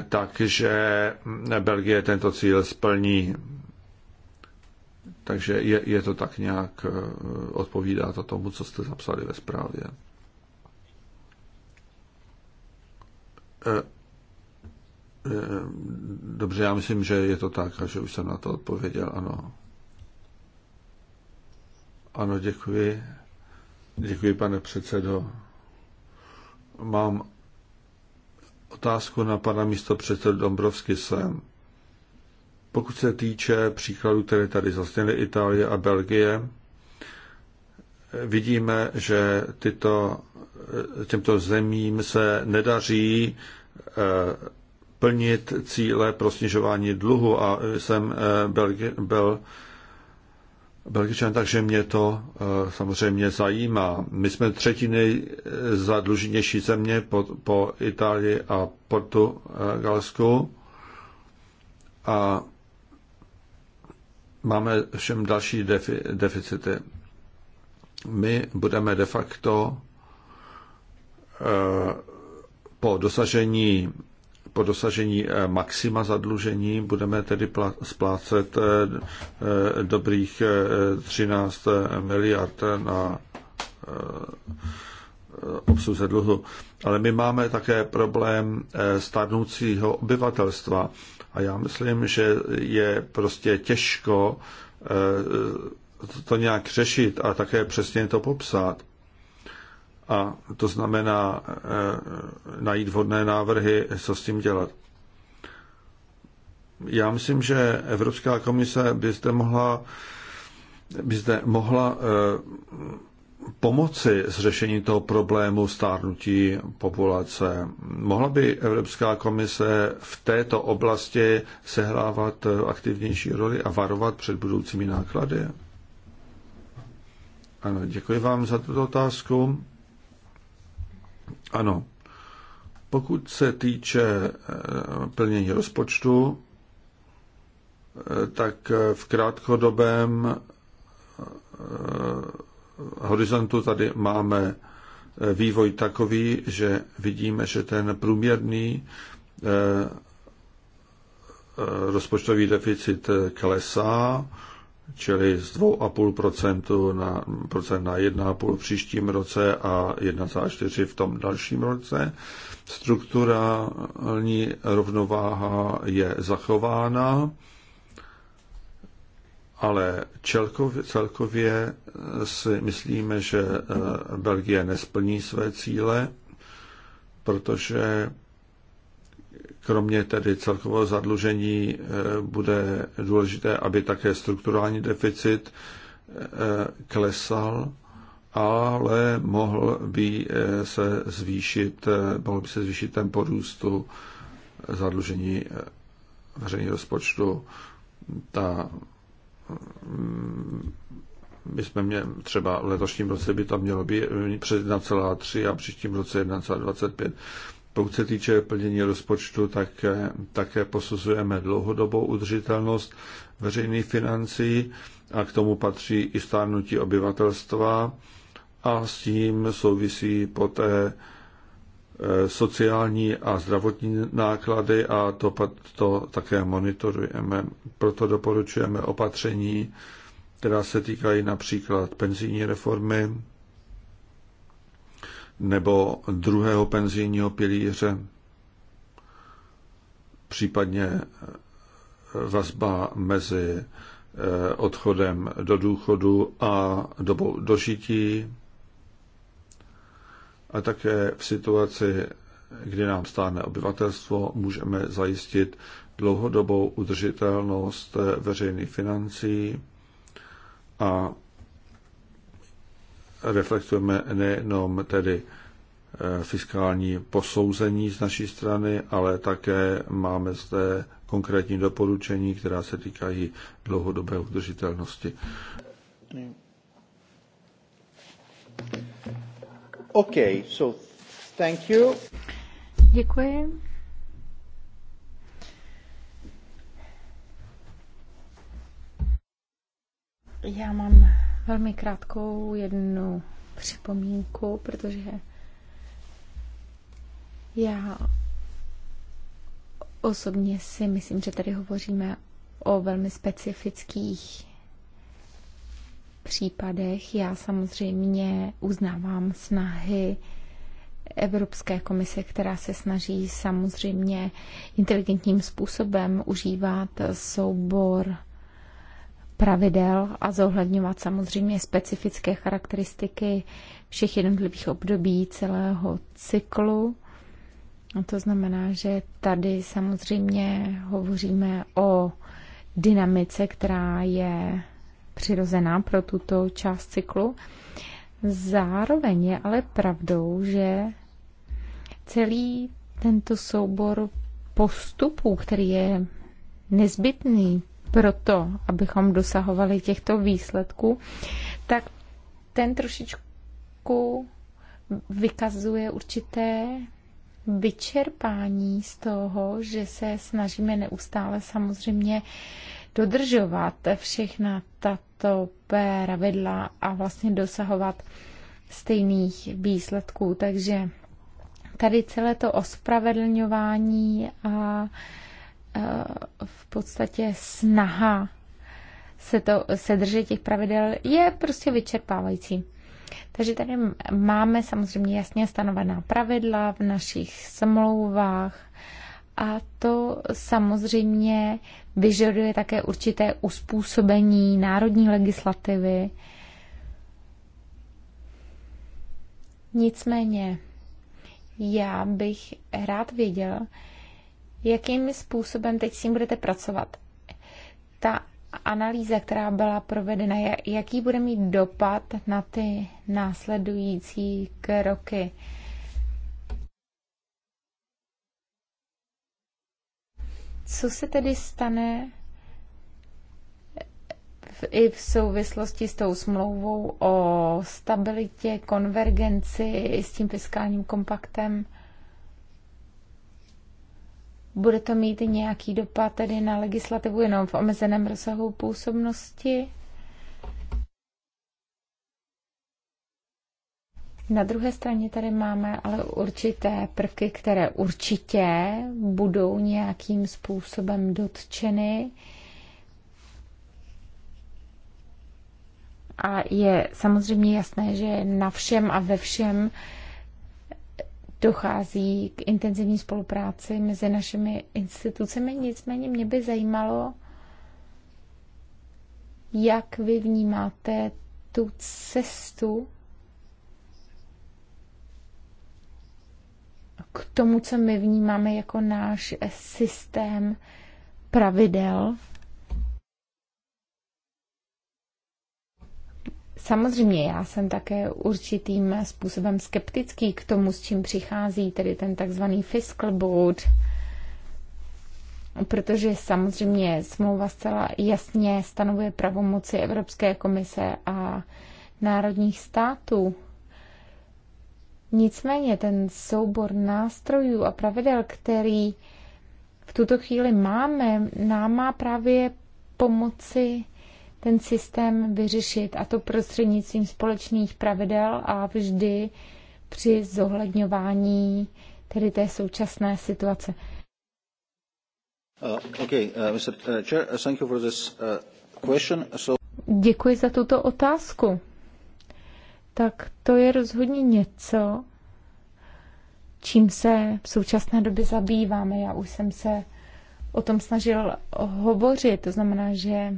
takže mm, Belgie tento cíl splní. Takže je, je to tak nějak, odpovídá to tomu, co jste zapsali ve zprávě. Dobře, já myslím, že je to tak a že už jsem na to odpověděl, ano. Ano, děkuji. Děkuji, pane předsedo. Mám otázku na pana místo předsedu Dombrovsky sem. Pokud se týče příkladů, které tady zazněly Itálie a Belgie, vidíme, že tyto, těmto zemím se nedaří eh, plnit cíle pro snižování dluhu a jsem eh, Belgi, Bel, Belgičan, takže mě to eh, samozřejmě zajímá. My jsme třetí nejzadluženější země po, po Itálii a Portugalsku a máme všem další defi, deficity. My budeme de facto eh, po dosažení po dosažení eh, maxima zadlužení budeme tedy splácet eh, eh, dobrých 13 miliard na obsluze dluhu. Ale my máme také problém stárnoucího obyvatelstva a já myslím, že je prostě těžko to nějak řešit a také přesně to popsat. A to znamená eh, najít vhodné návrhy, co s tím dělat. Já myslím, že Evropská komise by zde mohla, by zde mohla eh, pomoci s řešením toho problému stárnutí populace. Mohla by Evropská komise v této oblasti sehrávat eh, aktivnější roli a varovat před budoucími náklady? Ano, děkuji vám za tuto otázku. Ano, pokud se týče eh, plnění rozpočtu, eh, tak eh, v krátkodobém horizontu tady máme vývoj takový, že vidíme, že ten průměrný rozpočtový deficit klesá čili z 2,5% na, procent na 1,5% v příštím roce a 1,4% v tom dalším roce. Strukturální rovnováha je zachována, ale celkově, celkově si myslíme, že eh, Belgie nesplní své cíle, protože Kromě tedy celkového zadlužení eh, bude důležité, aby také strukturální deficit eh, klesal, ale mohl by eh, se zvýšit, mohl by se zvýšit ten porůstu zadlužení veřejného rozpočtu. Ta, mm, my jsme mě třeba v letošním roce by tam mělo být přes 1,3 a příštím roce 1,25. Pokud se týče plnění rozpočtu, tak eh, také posuzujeme dlouhodobou udržitelnost veřejných financí a k tomu patří i stárnutí obyvatelstva a s tím souvisí poté eh, sociální a zdravotní náklady a to, to také monitorujeme. Proto doporučujeme opatření, která se týkají například penzijní reformy, nebo druhého penzijního pilíře, případně eh, vazba mezi eh, odchodem do důchodu a dobou dožití a také v situaci, kdy nám stárne obyvatelstvo, můžeme zajistit dlouhodobou udržitelnost eh, veřejných financí a reflektujeme nejenom tedy eh, fiskální posouzení z naší strany, ale také máme zde konkrétní doporučení, která se týkají dlouhodobé udržitelnosti. Okay, so thank you. Děkuji. Já mám velmi krátkou jednu připomínku, protože já osobně si myslím, že tady hovoříme o velmi specifických případech. Já samozřejmě uznávám snahy Evropské komise, která se snaží samozřejmě inteligentním způsobem užívat soubor pravidel a zohledňovat samozřejmě specifické charakteristiky všech jednotlivých období celého cyklu. A to znamená, že tady samozřejmě hovoříme o dynamice, která je přirozená pro tuto část cyklu. Zároveň je ale pravdou, že celý tento soubor postupů, který je nezbytný pro to, abychom dosahovali těchto výsledků, tak ten trošičku vykazuje určité vyčerpání z toho, že se snažíme neustále samozřejmě dodržovat všechna tato pravidla a vlastně dosahovat stejných výsledků. Takže tady celé to ospravedlňování a Eh, v podstatě snaha se to, se držet těch pravidel je prostě vyčerpávající. Takže tady máme samozřejmě jasně stanovená pravidla v našich smlouvách a to samozřejmě vyžaduje také určité uspůsobení národní legislativy. Nicméně já bych rád věděl, jakým způsobem teď s tím budete pracovat. Ta analýza, která byla provedena, jaký bude mít dopad na ty následující kroky. Co se tedy stane v, i v souvislosti s tou smlouvou o stabilitě, konvergenci, s tím fiskálním kompaktem? Bude to mít nějaký dopad tedy na legislativu jenom v omezeném rozsahu působnosti? Na druhé straně tady máme ale určité prvky, které určitě budou nějakým způsobem dotčeny. A je samozřejmě jasné, že na všem a ve všem dochází k intenzivní spolupráci mezi našimi institucemi. Nicméně mě by zajímalo, jak vy vnímáte tu cestu k tomu, co my vnímáme jako náš systém pravidel Samozřejmě, já jsem také určitým způsobem skeptický k tomu, s čím přichází tedy ten takzvaný fiscal board, protože samozřejmě smlouva zcela jasně stanovuje pravomoci Evropské komise a národních států. Nicméně ten soubor nástrojů a pravidel, který v tuto chvíli máme, nám má právě pomoci ten systém vyřešit a to prostřednictvím společných pravidel a vždy při zohledňování tedy té současné situace. Děkuji za tuto otázku. Tak to je rozhodně něco, čím se v současné době zabýváme. Já už jsem se o tom snažil hovořit, to znamená, že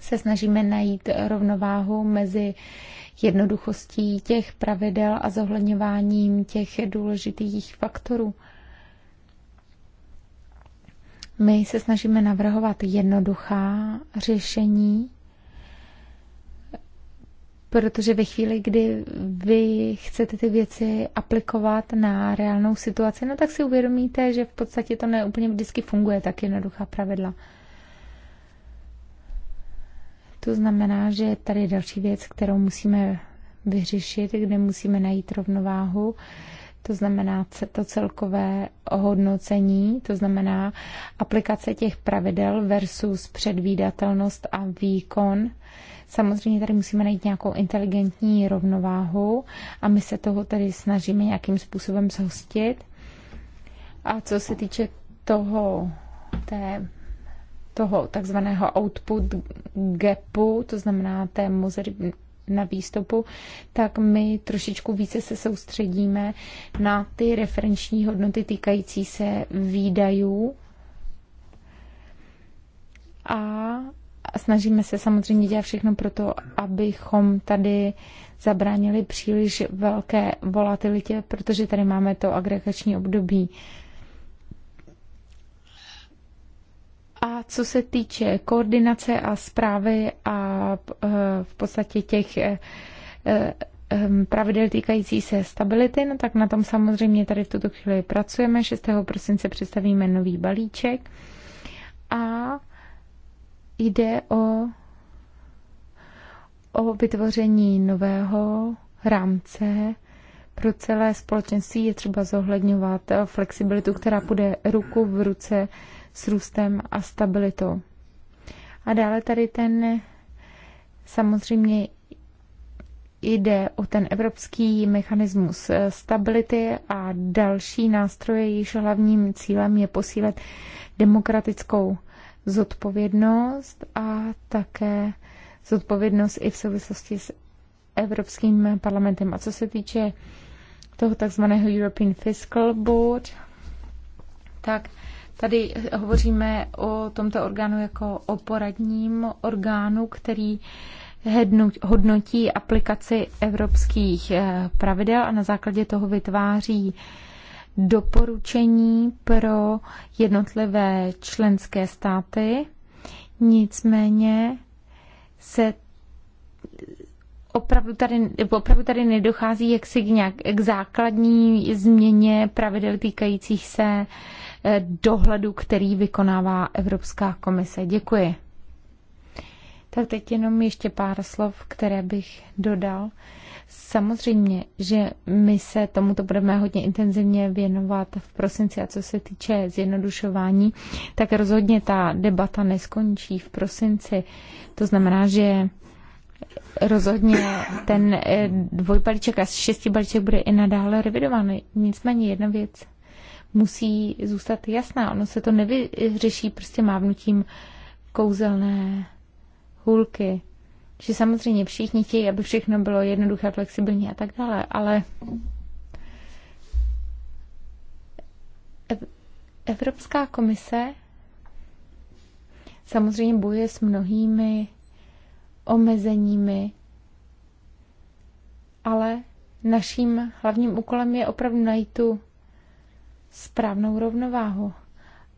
se snažíme najít rovnováhu mezi jednoduchostí těch pravidel a zohledňováním těch důležitých faktorů. My se snažíme navrhovat jednoduchá řešení, protože ve chvíli, kdy vy chcete ty věci aplikovat na reálnou situaci, no tak si uvědomíte, že v podstatě to neúplně vždycky funguje tak jednoduchá pravidla. To znamená, že je tady další věc, kterou musíme vyřešit, kde musíme najít rovnováhu. To znamená to celkové ohodnocení, to znamená aplikace těch pravidel versus předvídatelnost a výkon. Samozřejmě tady musíme najít nějakou inteligentní rovnováhu a my se toho tady snažíme nějakým způsobem zhostit. A co se týče toho, té toho takzvaného output gapu, to znamená té mozery na výstupu, tak my trošičku více se soustředíme na ty referenční hodnoty týkající se výdajů a snažíme se samozřejmě dělat všechno pro to, abychom tady zabránili příliš velké volatilitě, protože tady máme to agregační období co se týče koordinace a zprávy a eh, v podstatě těch eh, eh, pravidel týkající se stability, no tak na tom samozřejmě tady v tuto chvíli pracujeme. 6. prosince představíme nový balíček a jde o, o vytvoření nového rámce pro celé společenství. Je třeba zohledňovat flexibilitu, která půjde ruku v ruce s růstem a stabilitou. A dále tady ten samozřejmě jde o ten evropský mechanismus stability a další nástroje, jejichž hlavním cílem je posílet demokratickou zodpovědnost a také zodpovědnost i v souvislosti s Evropským parlamentem. A co se týče toho takzvaného European Fiscal Board, tak Tady hovoříme o tomto orgánu jako o poradním orgánu, který hodnotí aplikaci evropských eh, pravidel a na základě toho vytváří doporučení pro jednotlivé členské státy. Nicméně se opravdu tady, opravdu tady nedochází jaksi k, nějak, k základní změně pravidel týkajících se dohledu, který vykonává Evropská komise. Děkuji. Tak teď jenom ještě pár slov, které bych dodal. Samozřejmě, že my se tomuto budeme hodně intenzivně věnovat v prosinci a co se týče zjednodušování, tak rozhodně ta debata neskončí v prosinci. To znamená, že rozhodně ten eh, dvojbalíček a šestibalíček bude i nadále revidovaný. Nicméně jedna věc musí zůstat jasná. Ono se to nevyřeší prostě mávnutím kouzelné hůlky. Že samozřejmě všichni chtějí, aby všechno bylo jednoduché, flexibilní a tak dále, ale Evropská komise samozřejmě bojuje s mnohými omezeními, ale naším hlavním úkolem je opravdu najít tu správnou rovnováhu.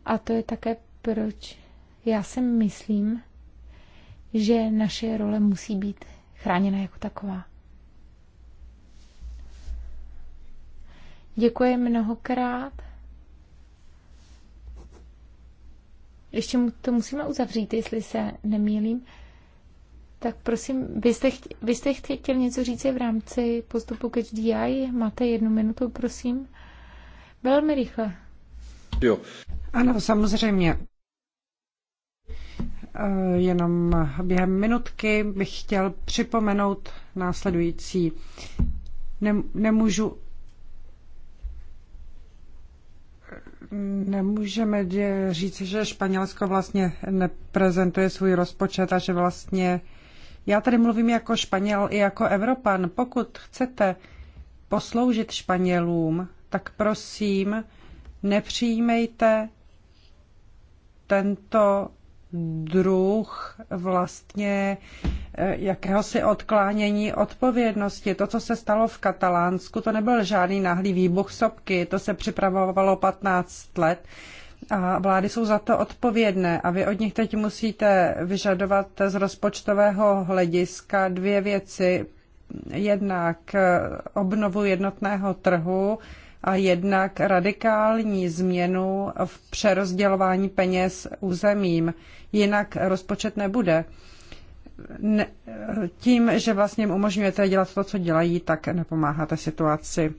A to je také proč já si myslím, že naše role musí být chráněna jako taková. Děkuji mnohokrát. Ještě to musíme uzavřít, jestli se nemýlím. Tak prosím, vy jste, vy jste chtěl něco říct v rámci postupu ke HDI? Máte jednu minutu, prosím. Velmi rychle. Jo. Ano, samozřejmě. Eh, jenom během minutky bych chtěl připomenout následující. Nemůžu Nemůžeme říct, že Španělsko vlastně neprezentuje svůj rozpočet a že vlastně já tady mluvím jako Španěl i jako Evropan. Pokud chcete posloužit Španělům, tak prosím, nepřijímejte tento druh vlastně eh, jakéhosi odklánění odpovědnosti. To, co se stalo v Katalánsku, to nebyl žádný náhlý výbuch sopky, to se připravovalo 15 let a vlády jsou za to odpovědné a vy od nich teď musíte vyžadovat z rozpočtového hlediska dvě věci. Jednak eh, obnovu jednotného trhu, a jednak radikální změnu v přerozdělování peněz územím. Jinak rozpočet nebude. Ne, tím, že vlastně umožňujete dělat to, co dělají, tak nepomáháte situaci.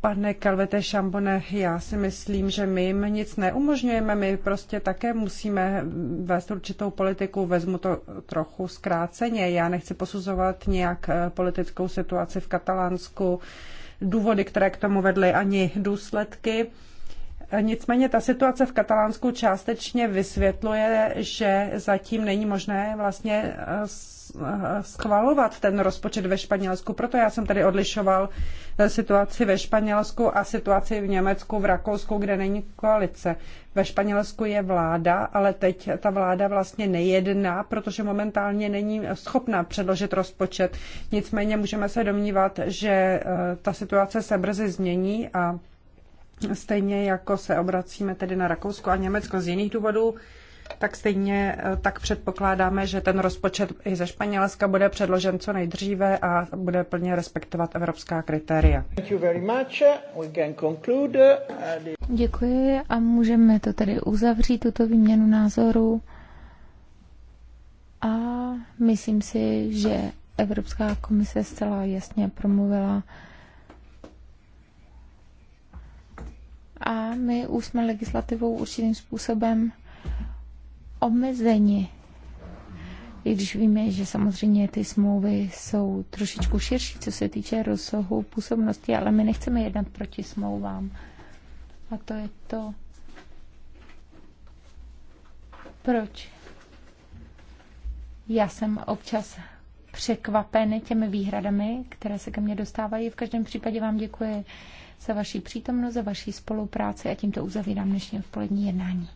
Pane Kalvete Šambone, já si myslím, že my jim nic neumožňujeme, my prostě také musíme vést určitou politiku, vezmu to trochu zkráceně, já nechci posuzovat nějak politickou situaci v Katalánsku, důvody, které k tomu vedly, ani důsledky. Nicméně ta situace v Katalánsku částečně vysvětluje, že zatím není možné vlastně eh, eh, schvalovat ten rozpočet ve Španělsku. Proto já jsem tady odlišoval eh, situaci ve Španělsku a situaci v Německu, v Rakousku, kde není koalice. Ve Španělsku je vláda, ale teď ta vláda vlastně nejedná, protože momentálně není schopná předložit rozpočet. Nicméně můžeme se domnívat, že ta situace se brzy změní a Stejně jako se obracíme tedy na Rakousko a Německo z jiných důvodů, tak stejně eh, tak předpokládáme, že ten rozpočet i ze Španělska bude předložen co nejdříve a bude plně respektovat evropská kritéria. Děkuji a můžeme to tedy uzavřít, tuto výměnu názoru. A myslím si, že Evropská komise zcela jasně promluvila a my už jsme legislativou určitým způsobem omezeni. I když víme, že samozřejmě ty smlouvy jsou trošičku širší, co se týče rozsahu působnosti, ale my nechceme jednat proti smlouvám. A to je to. Proč? Já jsem občas překvapen těmi výhradami, které se ke mně dostávají. V každém případě vám děkuji za vaši přítomnost, za vaši spolupráci a tímto uzavírám dnešní odpolední jednání.